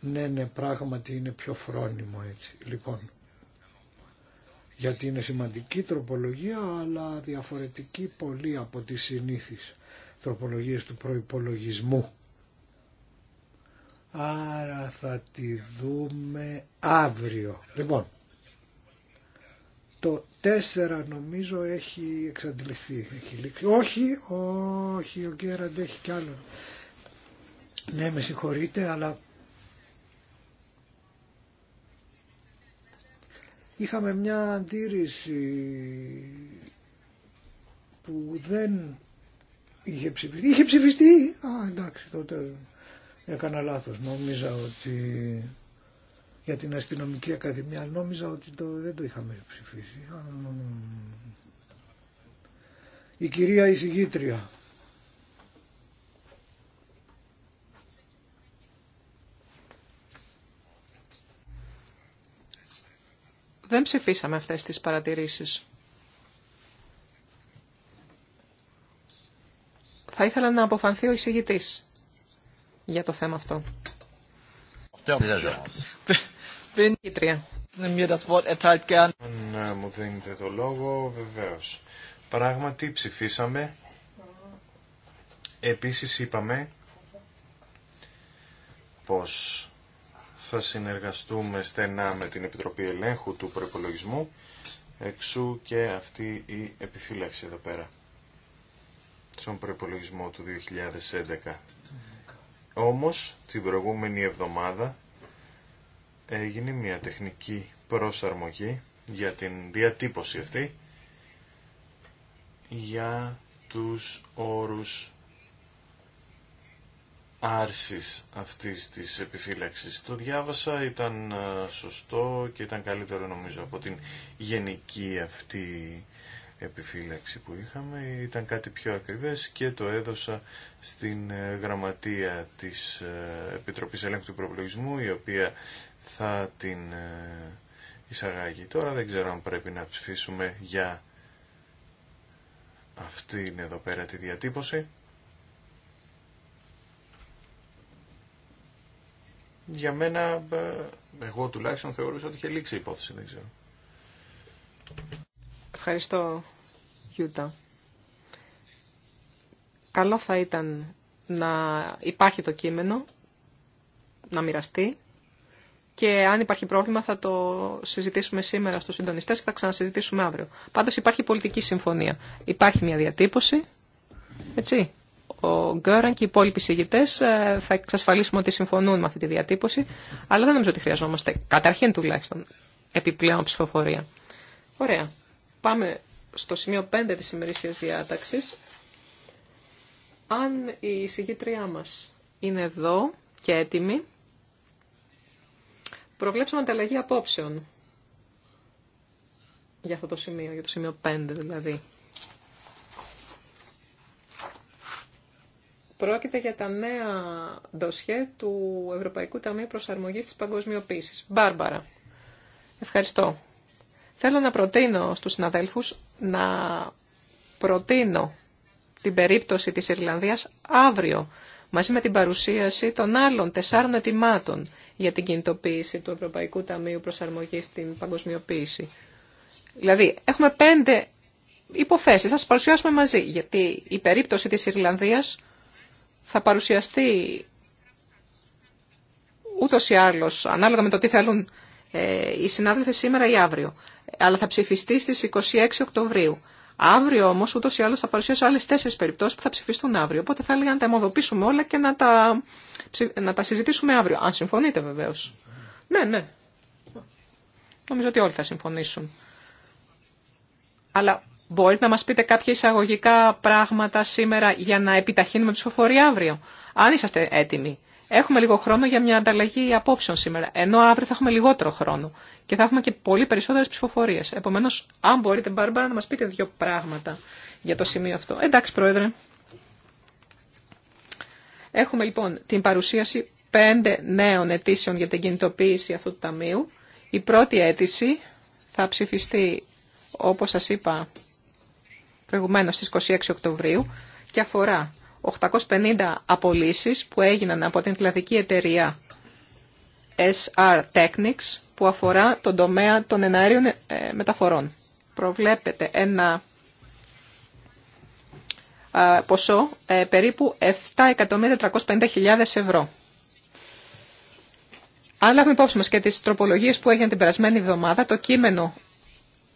Ναι, ναι, πράγματι είναι πιο φρόνιμο έτσι. Λοιπόν, γιατί είναι σημαντική τροπολογία αλλά διαφορετική πολύ από τις συνήθεις τροπολογίες του προϋπολογισμού. Άρα θα τη δούμε αύριο. Λοιπόν, το 4 νομίζω έχει εξαντληθεί, έχει Όχι, όχι, ο Γκέραντ έχει κι άλλο. Ναι, με συγχωρείτε, αλλά είχαμε μια αντίρρηση που δεν είχε ψηφιστεί. Είχε ψηφιστεί! Α, εντάξει, τότε Έκανα λάθος. Νόμιζα ότι για την αστυνομική ακαδημία νόμιζα ότι το, δεν το είχαμε ψηφίσει. Η κυρία εισηγήτρια. Δεν ψηφίσαμε αυτές τις παρατηρήσεις. Θα ήθελα να αποφανθεί ο εισηγητής για το θέμα αυτό. Αν ε, μου δίνετε το λόγο, βεβαίω. Πράγματι ψηφίσαμε. Επίσης είπαμε πως θα συνεργαστούμε στενά με την Επιτροπή Ελέγχου του Προπολογισμού, εξού και αυτή η επιφύλαξη εδώ πέρα στον προπολογισμό του 2011. Όμως, την προηγούμενη εβδομάδα έγινε μια τεχνική προσαρμογή για την διατύπωση αυτή για τους όρους άρσης αυτής της επιφύλαξης. Το διάβασα, ήταν ε, σωστό και ήταν καλύτερο νομίζω από την γενική αυτή επιφύλαξη που είχαμε ήταν κάτι πιο ακριβές και το έδωσα στην ε, γραμματεία της ε, Επιτροπής Ελέγχου του Προπολογισμού η οποία θα την ε, εισαγάγει. Τώρα δεν ξέρω αν πρέπει να ψηφίσουμε για αυτήν εδώ πέρα τη διατύπωση. Για μένα, εγώ τουλάχιστον θεωρούσα ότι είχε λήξει η υπόθεση, δεν ξέρω. Ευχαριστώ, Γιούτα. Καλό θα ήταν να υπάρχει το κείμενο, να μοιραστεί και αν υπάρχει πρόβλημα θα το συζητήσουμε σήμερα στους συντονιστές και θα ξανασυζητήσουμε αύριο. Πάντως υπάρχει πολιτική συμφωνία. Υπάρχει μια διατύπωση, έτσι. Ο Γκέραν και οι υπόλοιποι συγητέ ε, θα εξασφαλίσουμε ότι συμφωνούν με αυτή τη διατύπωση, αλλά δεν νομίζω ότι χρειαζόμαστε, καταρχήν τουλάχιστον, επιπλέον ψηφοφορία. Ωραία. Πάμε στο σημείο 5 της ημερήσιας διάταξης. Αν η εισηγήτριά μας είναι εδώ και έτοιμη, προβλέψαμε ανταλλαγή απόψεων για αυτό το σημείο, για το σημείο 5 δηλαδή. Πρόκειται για τα νέα ντοσιέ του Ευρωπαϊκού Ταμείου Προσαρμογής της Παγκοσμιοποίησης. Μπάρμπαρα. Ευχαριστώ. Θέλω να προτείνω στους συναδέλφους να προτείνω την περίπτωση της Ιρλανδίας αύριο μαζί με την παρουσίαση των άλλων τεσσάρων ετοιμάτων για την κινητοποίηση του Ευρωπαϊκού Ταμείου Προσαρμογής στην Παγκοσμιοποίηση. Δηλαδή, έχουμε πέντε υποθέσεις, θα σας παρουσιάσουμε μαζί, γιατί η περίπτωση της Ιρλανδίας θα παρουσιαστεί ούτως ή άλλως, ανάλογα με το τι θέλουν ε, οι συνάδελφοι σήμερα ή αύριο αλλά θα ψηφιστεί στις 26 Οκτωβρίου. Αύριο όμω, ούτω ή άλλω, θα παρουσιάσω άλλε τέσσερι περιπτώσει που θα ψηφιστούν αύριο. Οπότε θα έλεγα να τα αιμοδοποιήσουμε όλα και να τα, να τα συζητήσουμε αύριο. Αν συμφωνείτε βεβαίω. Ναι, ναι. Νομίζω ότι όλοι θα συμφωνήσουν. Αλλά μπορείτε να μα πείτε κάποια εισαγωγικά πράγματα σήμερα για να επιταχύνουμε ψηφοφορία αύριο. Αν είσαστε έτοιμοι. Έχουμε λίγο χρόνο για μια ανταλλαγή απόψεων σήμερα, ενώ αύριο θα έχουμε λιγότερο χρόνο και θα έχουμε και πολύ περισσότερε ψηφοφορίε. Επομένω, αν μπορείτε, Μπάρμπαρα, να μα πείτε δύο πράγματα για το σημείο αυτό. Εντάξει, Πρόεδρε. Έχουμε λοιπόν την παρουσίαση πέντε νέων αιτήσεων για την κινητοποίηση αυτού του ταμείου. Η πρώτη αίτηση θα ψηφιστεί, όπως σας είπα προηγουμένως, στις 26 Οκτωβρίου και αφορά 850 απολύσεις που έγιναν από την κλαδική εταιρεία SR Technics που αφορά τον τομέα των εναέριων ε, μεταφορών. Προβλέπεται ένα ποσό ε, περίπου 7.450.000 ευρώ. Αν λάβουμε υπόψη μας και τις τροπολογίες που έγιναν την περασμένη εβδομάδα, το κείμενο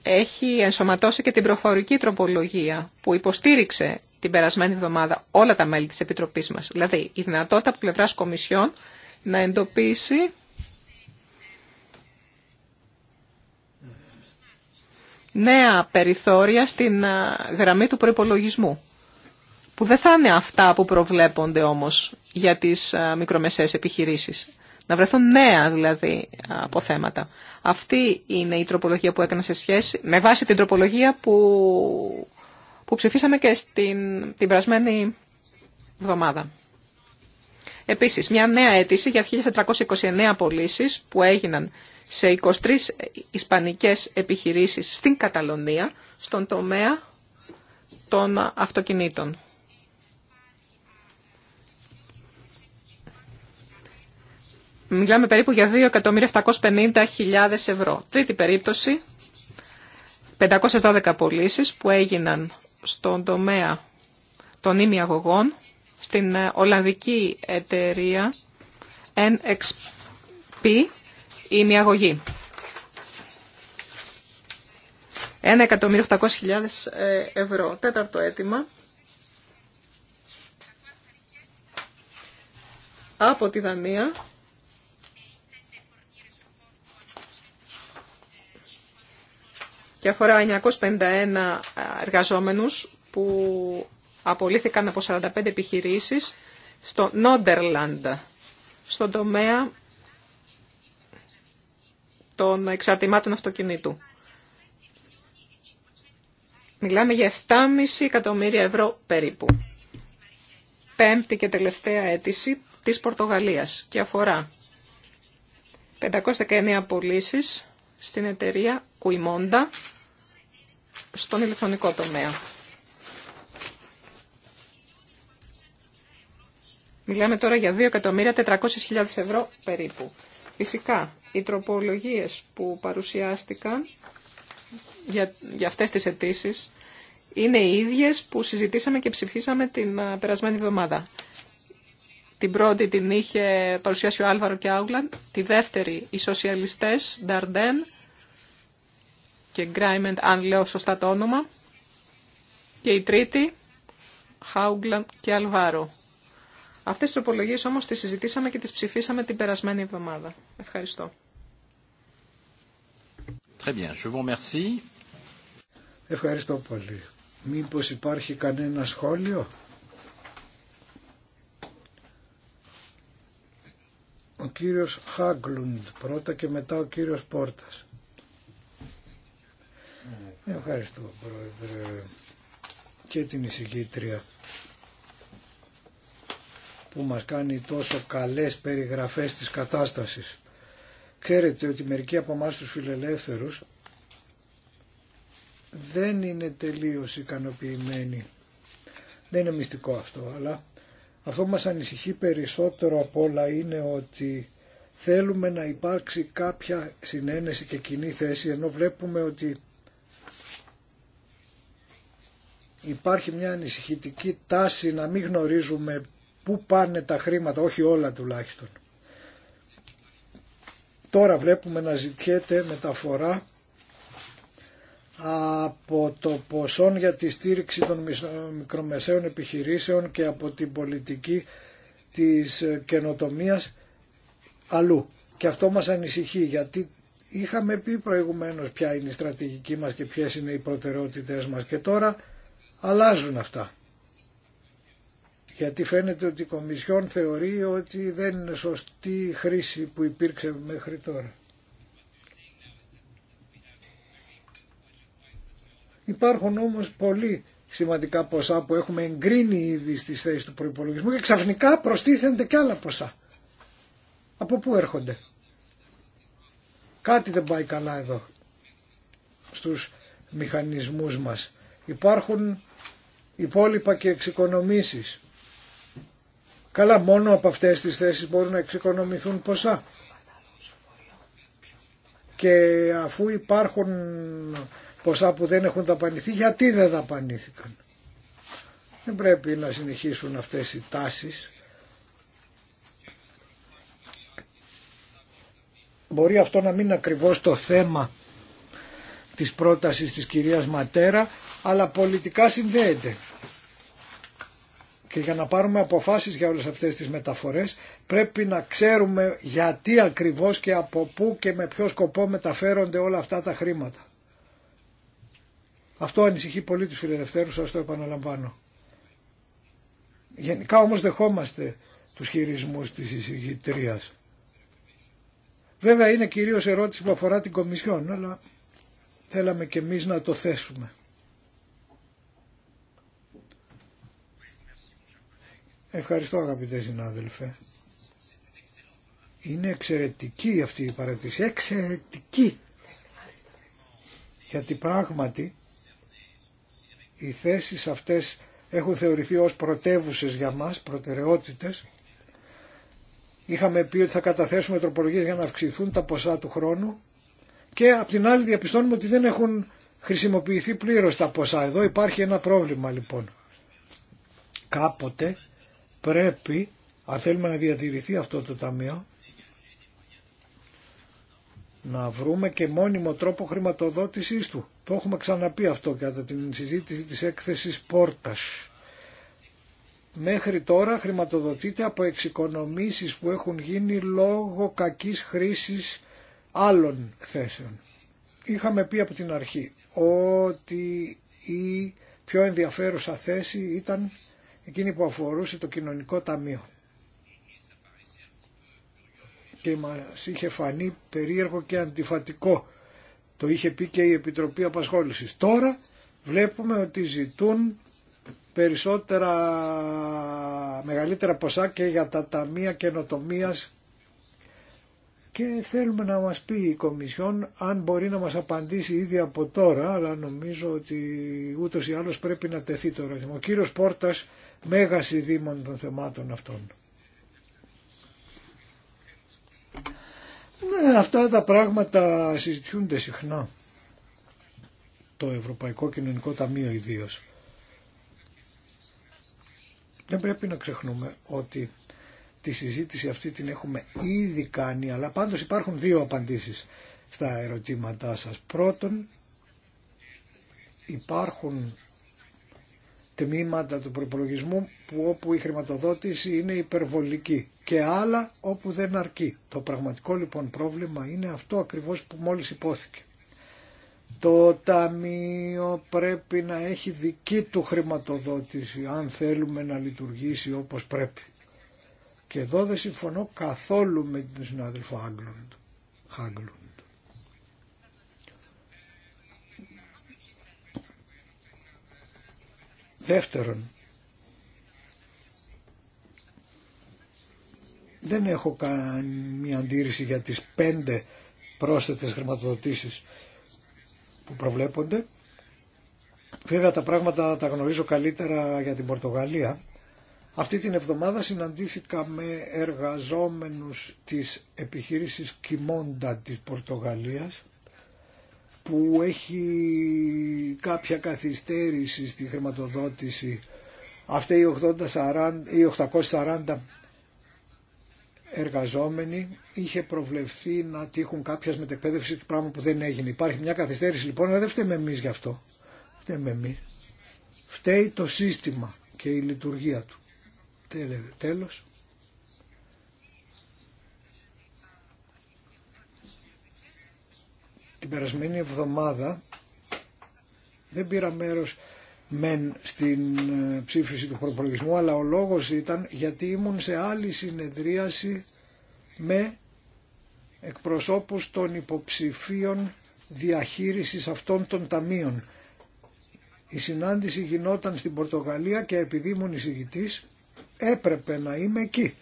έχει ενσωματώσει και την προφορική τροπολογία που υποστήριξε την περασμένη εβδομάδα όλα τα μέλη της Επιτροπής μας. Δηλαδή, η δυνατότητα από πλευράς Κομισιόν να εντοπίσει νέα περιθώρια στην γραμμή του προϋπολογισμού, που δεν θα είναι αυτά που προβλέπονται όμως για τις μικρομεσαίες επιχειρήσεις. Να βρεθούν νέα δηλαδή θέματα. Αυτή είναι η τροπολογία που έκανα σε σχέση, με βάση την τροπολογία που που ψηφίσαμε και στην, την πρασμένη εβδομάδα. Επίσης, μια νέα αίτηση για 1.429 πωλήσει που έγιναν σε 23 ισπανικές επιχειρήσεις στην Καταλωνία, στον τομέα των αυτοκινήτων. Μιλάμε περίπου για 2.750.000 ευρώ. Τρίτη περίπτωση, 512 πωλήσει που έγιναν στον τομέα των ημιαγωγών στην ε, Ολλανδική εταιρεία NXP ημιαγωγή. 1.800.000 ε, ευρώ. Τέταρτο αίτημα. Από τη Δανία. και αφορά 951 εργαζόμενους που απολύθηκαν από 45 επιχειρήσεις στο Νόντερλαντ, στον τομέα των εξαρτημάτων αυτοκινήτου. Μιλάμε για 7,5 εκατομμύρια ευρώ περίπου. Πέμπτη και τελευταία αίτηση της Πορτογαλίας και αφορά 519 απολύσεις στην εταιρεία Κουιμόντα στον ηλεκτρονικό τομέα. Μιλάμε τώρα για 2.400.000 ευρώ περίπου. Φυσικά, οι τροπολογίες που παρουσιάστηκαν για, για αυτές τις αιτήσει είναι οι ίδιες που συζητήσαμε και ψηφίσαμε την περασμένη εβδομάδα. Την πρώτη την είχε παρουσιάσει ο Άλβαρο και Άουγλαν, τη δεύτερη οι σοσιαλιστές Νταρντέν, και Γκράιμεντ, αν λέω σωστά το όνομα. Και η τρίτη, Χάουγκλαντ και Αλβάρο. Αυτές τις τροπολογίες όμως τις συζητήσαμε και τις ψηφίσαμε την περασμένη εβδομάδα. Ευχαριστώ. Ευχαριστώ πολύ. Μήπως υπάρχει κανένα σχόλιο. Ο κύριος Χάγκλουντ πρώτα και μετά ο κύριος Πόρτας. Ευχαριστώ Πρόεδρε και την εισηγήτρια που μας κάνει τόσο καλές περιγραφές της κατάστασης. Ξέρετε ότι μερικοί από εμάς τους φιλελεύθερους δεν είναι τελείως ικανοποιημένοι. Δεν είναι μυστικό αυτό, αλλά αυτό που μας ανησυχεί περισσότερο από όλα είναι ότι θέλουμε να υπάρξει κάποια συνένεση και κοινή θέση, ενώ βλέπουμε ότι υπάρχει μια ανησυχητική τάση να μην γνωρίζουμε πού πάνε τα χρήματα, όχι όλα τουλάχιστον. Τώρα βλέπουμε να ζητιέται μεταφορά από το ποσό για τη στήριξη των μικρομεσαίων επιχειρήσεων και από την πολιτική της ε, καινοτομίας αλλού. Και αυτό μας ανησυχεί γιατί είχαμε πει προηγουμένως ποια είναι η στρατηγική μας και ποιες είναι οι προτεραιότητες μας και τώρα αλλάζουν αυτά. Γιατί φαίνεται ότι η Κομισιόν θεωρεί ότι δεν είναι σωστή η χρήση που υπήρξε μέχρι τώρα. Υπάρχουν όμως πολύ σημαντικά ποσά που έχουμε εγκρίνει ήδη στις θέσεις του προϋπολογισμού και ξαφνικά προστίθενται και άλλα ποσά. Από πού έρχονται. Κάτι δεν πάει καλά εδώ στους μηχανισμούς μας. Υπάρχουν υπόλοιπα και εξοικονομήσεις. Καλά, μόνο από αυτές τις θέσεις μπορούν να εξοικονομηθούν ποσά. Και αφού υπάρχουν ποσά που δεν έχουν δαπανηθεί, γιατί δεν δαπανήθηκαν. Δεν πρέπει να συνεχίσουν αυτές οι τάσεις. Μπορεί αυτό να μην είναι ακριβώς το θέμα της πρότασης της κυρίας Ματέρα, αλλά πολιτικά συνδέεται. Και για να πάρουμε αποφάσεις για όλες αυτές τις μεταφορές πρέπει να ξέρουμε γιατί ακριβώς και από πού και με ποιο σκοπό μεταφέρονται όλα αυτά τα χρήματα. Αυτό ανησυχεί πολύ τους φιλελευθέρους, σας το επαναλαμβάνω. Γενικά όμως δεχόμαστε τους χειρισμούς της εισηγητρίας. Βέβαια είναι κυρίως ερώτηση που αφορά την Κομισιόν, αλλά θέλαμε και εμείς να το θέσουμε. Ευχαριστώ αγαπητέ συνάδελφε. Είναι εξαιρετική αυτή η παρατήρηση. Εξαιρετική. Γιατί πράγματι οι θέσεις αυτές έχουν θεωρηθεί ως πρωτεύουσε για μας, προτεραιότητες. Είχαμε πει ότι θα καταθέσουμε τροπολογίες για να αυξηθούν τα ποσά του χρόνου και απ' την άλλη διαπιστώνουμε ότι δεν έχουν χρησιμοποιηθεί πλήρως τα ποσά. Εδώ υπάρχει ένα πρόβλημα λοιπόν. Κάποτε πρέπει, αν θέλουμε να διατηρηθεί αυτό το ταμείο, να βρούμε και μόνιμο τρόπο χρηματοδότησής του. Το έχουμε ξαναπεί αυτό κατά την συζήτηση της έκθεσης Πόρτας. Μέχρι τώρα χρηματοδοτείται από εξοικονομήσεις που έχουν γίνει λόγω κακής χρήσης άλλων θέσεων. Είχαμε πει από την αρχή ότι η πιο ενδιαφέρουσα θέση ήταν εκείνη που αφορούσε το κοινωνικό ταμείο. Και μα είχε φανεί περίεργο και αντιφατικό. Το είχε πει και η Επιτροπή Απασχόλησης. Τώρα βλέπουμε ότι ζητούν περισσότερα, μεγαλύτερα ποσά και για τα ταμεία καινοτομίας και θέλουμε να μας πει η Κομισιόν αν μπορεί να μας απαντήσει ήδη από τώρα, αλλά νομίζω ότι ούτως ή άλλως πρέπει να τεθεί το ερώτημα. Ο κύριος Πόρτας μέγαση δήμων των θεμάτων αυτών. Ναι, αυτά τα πράγματα συζητιούνται συχνά. Το Ευρωπαϊκό Κοινωνικό Ταμείο ιδίω. Δεν πρέπει να ξεχνούμε ότι τη συζήτηση αυτή την έχουμε ήδη κάνει, αλλά πάντως υπάρχουν δύο απαντήσεις στα ερωτήματά σας. Πρώτον, υπάρχουν τμήματα του προπολογισμού που όπου η χρηματοδότηση είναι υπερβολική και άλλα όπου δεν αρκεί. Το πραγματικό λοιπόν πρόβλημα είναι αυτό ακριβώς που μόλις υπόθηκε. Το Ταμείο πρέπει να έχει δική του χρηματοδότηση αν θέλουμε να λειτουργήσει όπως πρέπει. Και εδώ δεν συμφωνώ καθόλου με τον συνάδελφο Άγγλουντ. Δεύτερον, δεν έχω καμία αντίρρηση για τις πέντε πρόσθετες χρηματοδοτήσεις που προβλέπονται. Βέβαια τα πράγματα τα γνωρίζω καλύτερα για την Πορτογαλία. Αυτή την εβδομάδα συναντήθηκα με εργαζόμενους της επιχείρησης Κιμόντα της Πορτογαλίας που έχει κάποια καθυστέρηση στη χρηματοδότηση. Αυτή οι, 840, 840 εργαζόμενοι είχε προβλεφθεί να τύχουν κάποια μετεκπαίδευση, πράγμα που δεν έγινε. Υπάρχει μια καθυστέρηση λοιπόν, αλλά δεν φταίμε εμείς γι' αυτό. Φταίμε εμείς. Φταίει το σύστημα και η λειτουργία του. Τέλος, την περασμένη εβδομάδα δεν πήρα μέρος μεν στην ε, ψήφιση του προπολογισμού, αλλά ο λόγος ήταν γιατί ήμουν σε άλλη συνεδρίαση με εκπροσώπους των υποψηφίων διαχείρισης αυτών των ταμείων. Η συνάντηση γινόταν στην Πορτογαλία και επειδή ήμουν εισηγητής έπρεπε να είμαι εκεί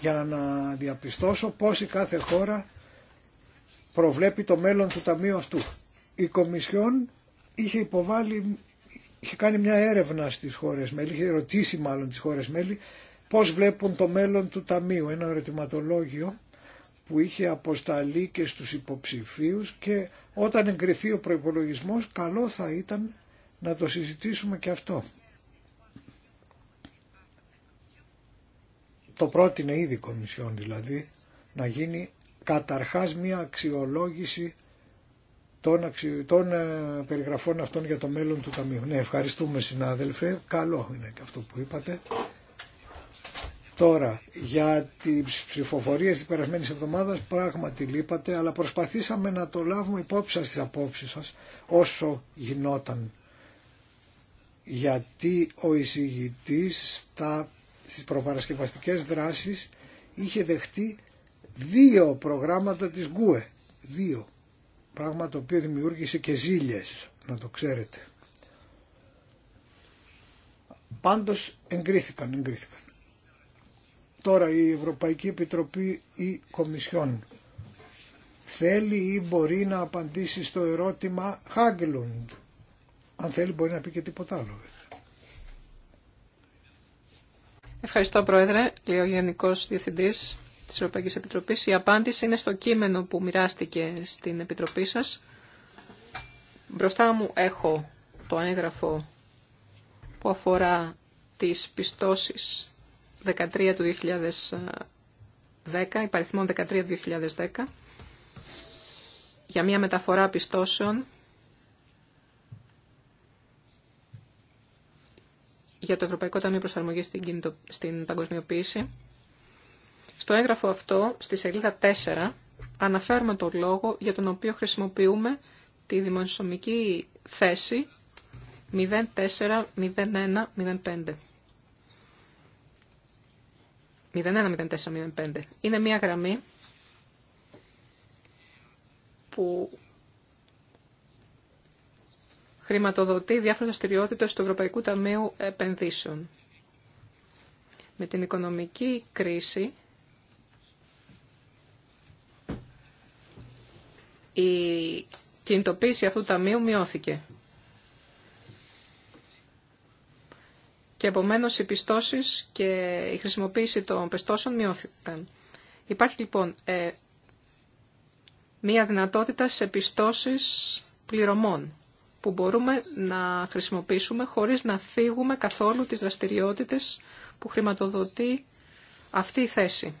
για να διαπιστώσω πώς η κάθε χώρα προβλέπει το μέλλον του ταμείου αυτού. Η Κομισιόν είχε υποβάλει, είχε κάνει μια έρευνα στις χώρες μέλη, είχε ρωτήσει μάλλον τις χώρες μέλη πώς βλέπουν το μέλλον του ταμείου, ένα ερωτηματολόγιο που είχε αποσταλεί και στους υποψηφίους και όταν εγκριθεί ο προϋπολογισμός καλό θα ήταν να το συζητήσουμε και αυτό. Το πρότεινε ήδη η Κομισιόν δηλαδή να γίνει καταρχάς μια αξιολόγηση των, ε, περιγραφών αυτών για το μέλλον του Ταμείου. Ναι, ευχαριστούμε συνάδελφε. Καλό είναι και αυτό που είπατε. Τώρα, για τις ψηφοφορίες της περασμένη εβδομάδας πράγματι λείπατε, αλλά προσπαθήσαμε να το λάβουμε υπόψη σας τις απόψεις σας όσο γινόταν. Γιατί ο εισηγητής στα, στις προπαρασκευαστικές δράσεις είχε δεχτεί δύο προγράμματα της ΓΚΟΕ, Δύο. Πράγμα το οποίο δημιούργησε και ζήλιες, να το ξέρετε. Πάντως εγκρίθηκαν, εγκρίθηκαν. Τώρα η Ευρωπαϊκή Επιτροπή ή Κομισιόν θέλει ή μπορεί να απαντήσει στο ερώτημα Χάγκλουντ. Αν θέλει μπορεί να πει και τίποτα άλλο. Ευχαριστώ Πρόεδρε, λέει ο Διευθυντής της Ευρωπαϊκής Επιτροπής. Η απάντηση είναι στο κείμενο που μοιράστηκε στην Επιτροπή σας. Μπροστά μου έχω το έγγραφο που αφορά τις πιστώσεις 13 του 2010, υπαριθμών 13 του 2010, για μια μεταφορά πιστώσεων για το Ευρωπαϊκό Ταμείο Προσαρμογής στην, στην Παγκοσμιοποίηση. Στο έγγραφο αυτό, στη σελίδα 4, αναφέρουμε τον λόγο για τον οποίο χρησιμοποιούμε τη δημοσιονομική θέση 05 Είναι μια γραμμή που χρηματοδοτεί διάφορες δραστηριότητε του Ευρωπαϊκού Ταμείου Επενδύσεων. Με την οικονομική κρίση η κινητοποίηση αυτού του ταμείου μειώθηκε. Και επομένως οι πιστώσεις και η χρησιμοποίηση των πιστώσεων μειώθηκαν. Υπάρχει λοιπόν ε, μία δυνατότητα σε πιστώσεις πληρωμών που μπορούμε να χρησιμοποιήσουμε χωρίς να φύγουμε καθόλου τις δραστηριότητες που χρηματοδοτεί αυτή η θέση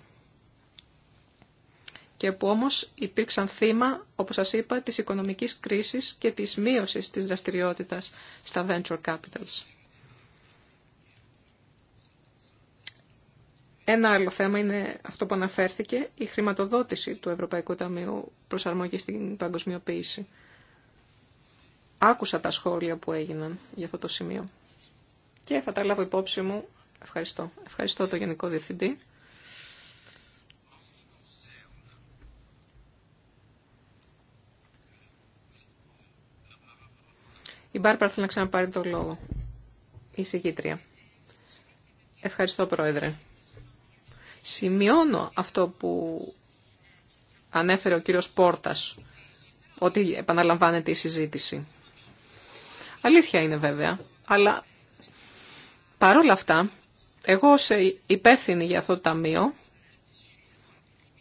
και που όμως υπήρξαν θύμα, όπως σας είπα, της οικονομικής κρίσης και της μείωσης της δραστηριότητας στα venture capitals. Ένα άλλο θέμα είναι αυτό που αναφέρθηκε, η χρηματοδότηση του Ευρωπαϊκού Ταμείου προσαρμογής στην παγκοσμιοποίηση. Άκουσα τα σχόλια που έγιναν για αυτό το σημείο. Και θα τα λάβω υπόψη μου. Ευχαριστώ. Ευχαριστώ το Γενικό Διευθυντή. Η Μπάρπαρα θέλει να ξαναπάρει το λόγο. Η συγκήτρια. Ευχαριστώ, Πρόεδρε. Σημειώνω αυτό που ανέφερε ο κύριος Πόρτας, ότι επαναλαμβάνεται η συζήτηση. Αλήθεια είναι βέβαια, αλλά παρόλα αυτά, εγώ ως υπεύθυνη για αυτό το ταμείο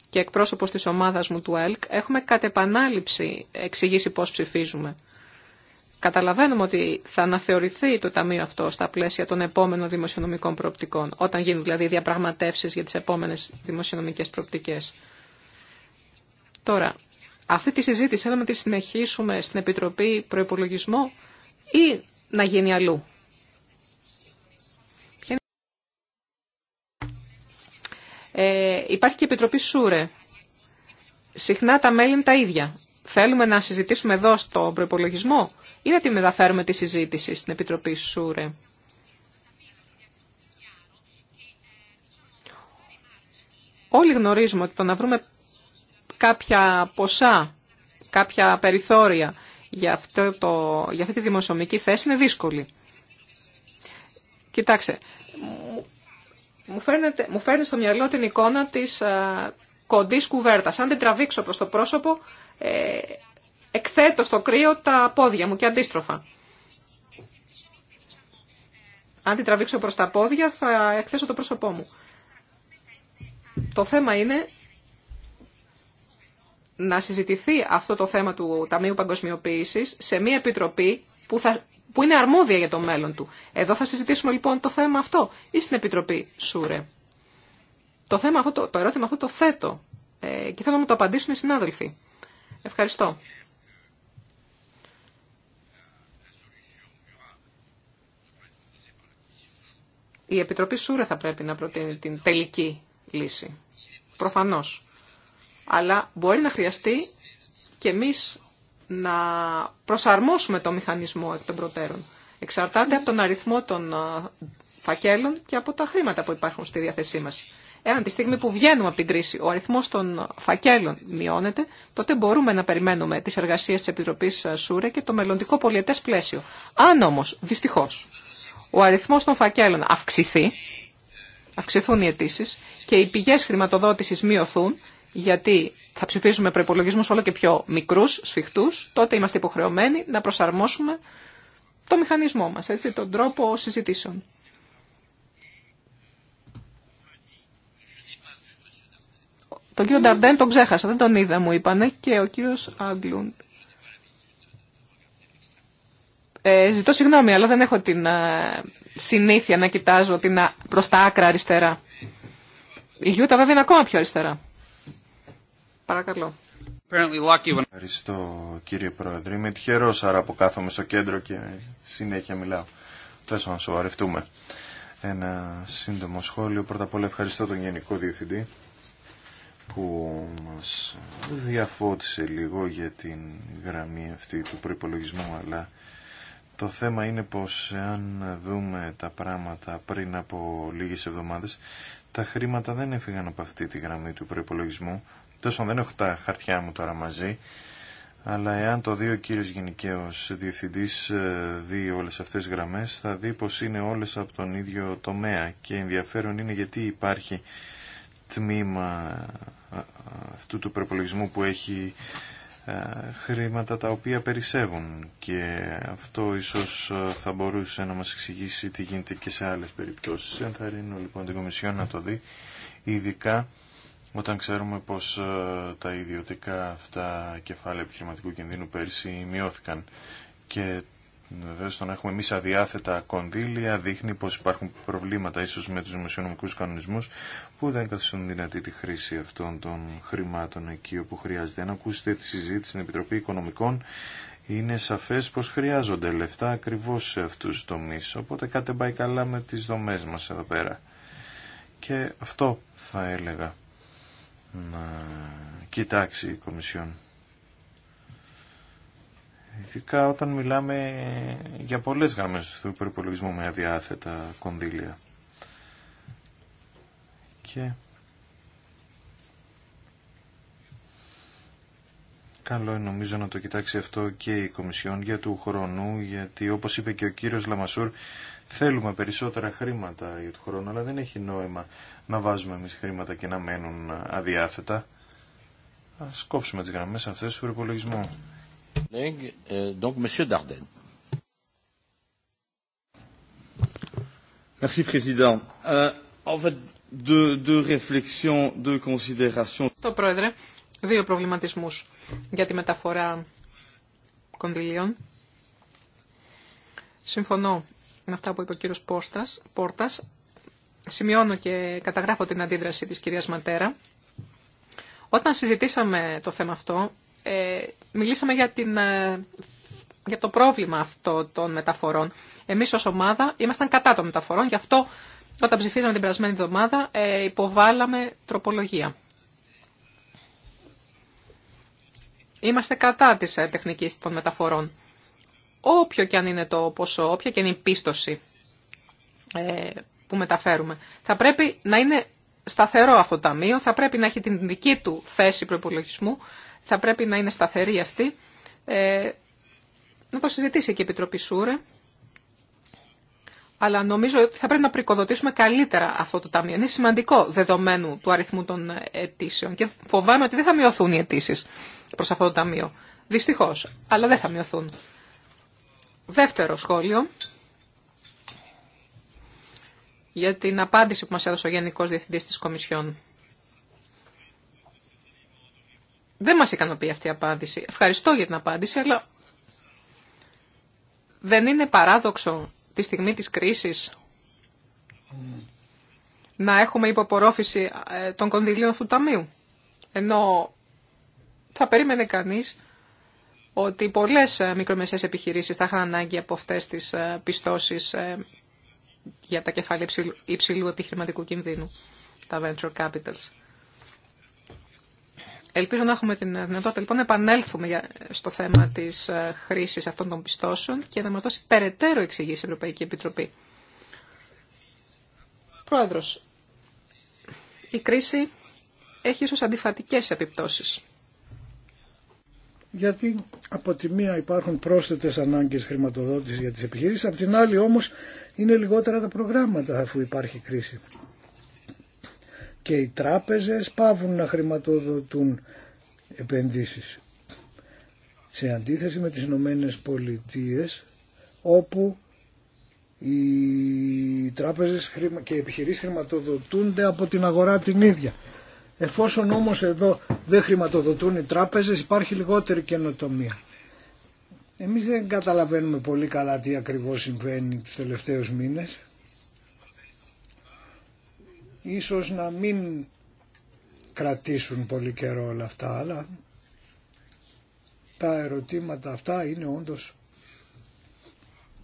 και εκπρόσωπος της ομάδας μου του ΕΛΚ, έχουμε κατ' επανάληψη εξηγήσει πώς ψηφίζουμε. Καταλαβαίνουμε ότι θα αναθεωρηθεί το Ταμείο αυτό στα πλαίσια των επόμενων δημοσιονομικών προοπτικών, όταν γίνουν δηλαδή διαπραγματεύσεις για τις επόμενες δημοσιονομικές προοπτικές. Τώρα, αυτή τη συζήτηση θέλουμε να τη συνεχίσουμε στην Επιτροπή Προπολογισμό ή να γίνει αλλού. Ε, υπάρχει και η Επιτροπή Σούρε. Συχνά τα μέλη είναι τα ίδια θέλουμε να συζητήσουμε εδώ στον προπολογισμό ή να τη μεταφέρουμε τη συζήτηση στην Επιτροπή ΣΟΥΡΕ. Όλοι γνωρίζουμε ότι το να βρούμε κάποια ποσά, κάποια περιθώρια για, αυτό το, για αυτή τη δημοσιομική θέση είναι δύσκολη. Κοιτάξτε, μου, φέρνε μου φέρνει στο μυαλό την εικόνα της α, ε, κοντής κουβέρτας. Αν την τραβήξω προς το πρόσωπο ε, εκθέτω στο κρύο τα πόδια μου και αντίστροφα. Αν την τραβήξω προς τα πόδια θα εκθέσω το πρόσωπό μου. Το θέμα είναι να συζητηθεί αυτό το θέμα του Ταμείου Παγκοσμιοποίησης σε μια επιτροπή που, θα, είναι αρμόδια για το μέλλον του. Εδώ θα συζητήσουμε λοιπόν το θέμα αυτό ή στην Επιτροπή ΣΟΥΡΕ. Το, θέμα αυτό, το, το ερώτημα αυτό το θέτω ε, και θέλω να μου το απαντήσουν οι συνάδελφοι. Ευχαριστώ. Η Επιτροπή Σούρα θα πρέπει να προτείνει την τελική λύση. Προφανώς. Αλλά μπορεί να χρειαστεί και εμείς να προσαρμόσουμε το μηχανισμό εκ των προτέρων. Εξαρτάται από τον αριθμό των φακέλων και από τα χρήματα που υπάρχουν στη διάθεσή μας. Εάν τη στιγμή που βγαίνουμε από την κρίση ο αριθμό των φακέλων μειώνεται, τότε μπορούμε να περιμένουμε τι εργασίε τη Επιτροπή Σούρε και το μελλοντικό πολιετέ πλαίσιο. Αν όμω, δυστυχώ, ο αριθμό των φακέλων αυξηθεί, αυξηθούν οι αιτήσει και οι πηγέ χρηματοδότηση μειωθούν, γιατί θα ψηφίζουμε προπολογισμού όλο και πιο μικρού, σφιχτού, τότε είμαστε υποχρεωμένοι να προσαρμόσουμε το μηχανισμό μας, έτσι, τον τρόπο συζητήσεων. Τον κύριο Νταρντέν τον ξέχασα, δεν τον είδα μου είπανε και ο κύριος Άγγλουντ. Ε, ζητώ συγγνώμη, αλλά δεν έχω την ε, συνήθεια να κοιτάζω την, α, προς τα άκρα αριστερά. Η Γιούτα βέβαια είναι ακόμα πιο αριστερά. Παρακαλώ. Ευχαριστώ κύριε Πρόεδρε. Είμαι τυχερός άρα που κάθομαι στο κέντρο και συνέχεια μιλάω. Θέλω να σοβαρευτούμε. Ένα σύντομο σχόλιο. Πρώτα απ' όλα ευχαριστώ τον Γενικό Διευθυντή που μας διαφώτισε λίγο για την γραμμή αυτή του προϋπολογισμού αλλά το θέμα είναι πως αν δούμε τα πράγματα πριν από λίγες εβδομάδες τα χρήματα δεν έφυγαν από αυτή τη γραμμή του προϋπολογισμού τόσο δεν έχω τα χαρτιά μου τώρα μαζί αλλά εάν το δει ο κύριος Γενικαίος Διευθυντής ε, δει όλες αυτές τις γραμμές θα δει πως είναι όλες από τον ίδιο τομέα και ενδιαφέρον είναι γιατί υπάρχει τμήμα ε, αυτού του προπολογισμού που έχει ε, χρήματα τα οποία περισσεύουν και αυτό ίσως ε, θα μπορούσε να μας εξηγήσει τι γίνεται και σε άλλες περιπτώσεις. Ενθαρρύνω λοιπόν την Κομισιόν να το δει, ειδικά όταν ξέρουμε πως τα ιδιωτικά αυτά κεφάλαια επιχειρηματικού κινδύνου πέρσι μειώθηκαν και Βεβαίω, το να έχουμε εμεί αδιάθετα κονδύλια δείχνει πω υπάρχουν προβλήματα ίσω με του δημοσιονομικού κανονισμού που δεν καθιστούν δυνατή τη χρήση αυτών των χρημάτων εκεί όπου χρειάζεται. Αν ακούσετε τη συζήτηση στην Επιτροπή Οικονομικών, είναι σαφέ πω χρειάζονται λεφτά ακριβώ σε αυτού του τομεί. Οπότε κάτι πάει καλά με τι δομέ μα εδώ πέρα. Και αυτό θα έλεγα να κοιτάξει η Κομισιόν. Ειδικά όταν μιλάμε για πολλές γραμμές του υπερπολογισμού με αδιάθετα κονδύλια. Και... Καλό είναι νομίζω να το κοιτάξει αυτό και η Κομισιόν για του χρόνου, γιατί όπως είπε και ο κύριος Λαμασούρ, θέλουμε περισσότερα χρήματα για του χρόνου, αλλά δεν έχει νόημα να βάζουμε εμείς χρήματα και να μένουν αδιάθετα. Ας κόψουμε τις γραμμές αυτές του προπολογισμού. Το Πρόεδρε, δύο προβληματισμούς για τη μεταφορά κονδυλίων. Συμφωνώ με αυτά που είπε ο κύριος Πόρτας. Πόρτας. Σημειώνω και καταγράφω την αντίδραση της κυρίας Ματέρα. Όταν συζητήσαμε το θέμα αυτό, ε, μιλήσαμε για, την, ε, το πρόβλημα αυτό των μεταφορών. Εμείς ως ομάδα ήμασταν κατά των μεταφορών, γι' αυτό όταν ψηφίσαμε την περασμένη εβδομάδα ε, υποβάλαμε τροπολογία. Είμαστε κατά της τεχνικής των μεταφορών. Όποιο και αν είναι το ποσό, όποια και είναι η πίστοση που μεταφέρουμε. Θα πρέπει να είναι σταθερό αυτό το ταμείο, θα πρέπει να έχει την δική του θέση προπολογισμού, θα πρέπει να είναι σταθερή αυτή. Ε, να το συζητήσει και η Επιτροπή Σούρε. Αλλά νομίζω ότι θα πρέπει να πρικοδοτήσουμε καλύτερα αυτό το ταμείο. Είναι σημαντικό δεδομένου του αριθμού των αιτήσεων και φοβάμαι ότι δεν θα μειωθούν οι αιτήσει προ αυτό το ταμείο. Δυστυχώ. Αλλά δεν θα μειωθούν. Δεύτερο σχόλιο για την απάντηση που μας έδωσε ο Γενικός Διευθυντής της Κομισιόν. Δεν μας ικανοποιεί αυτή η απάντηση. Ευχαριστώ για την απάντηση, αλλά δεν είναι παράδοξο τη στιγμή της κρίσης να έχουμε υποπορόφηση ε, των κονδυλίων αυτού του ταμείου. Ενώ θα περίμενε κανείς ότι πολλές ε, μικρομεσαίες επιχειρήσεις θα είχαν ανάγκη από αυτές τις ε, πιστώσεις για τα κεφάλαια υψηλού επιχειρηματικού κινδύνου, τα venture capitals. Ελπίζω να έχουμε την δυνατότητα λοιπόν να επανέλθουμε στο θέμα τη ε, χρήση αυτών των πιστώσεων και να μα δώσει περαιτέρω εξηγήσει η Ευρωπαϊκή Επιτροπή. Πρόεδρο, η κρίση έχει ίσω αντιφατικέ επιπτώσει. Γιατί από τη μία υπάρχουν πρόσθετες ανάγκες χρηματοδότησης για τις επιχείρησει, από την άλλη όμω, είναι λιγότερα τα προγράμματα αφού υπάρχει κρίση και οι τράπεζες πάβουν να χρηματοδοτούν επενδύσεις. Σε αντίθεση με τις Ηνωμένε Πολιτείε, όπου οι τράπεζες και οι επιχειρήσεις χρηματοδοτούνται από την αγορά την ίδια. Εφόσον όμως εδώ δεν χρηματοδοτούν οι τράπεζες υπάρχει λιγότερη καινοτομία. Εμείς δεν καταλαβαίνουμε πολύ καλά τι ακριβώς συμβαίνει τους τελευταίους μήνες. Ίσως να μην κρατήσουν πολύ καιρό όλα αυτά, αλλά τα ερωτήματα αυτά είναι όντως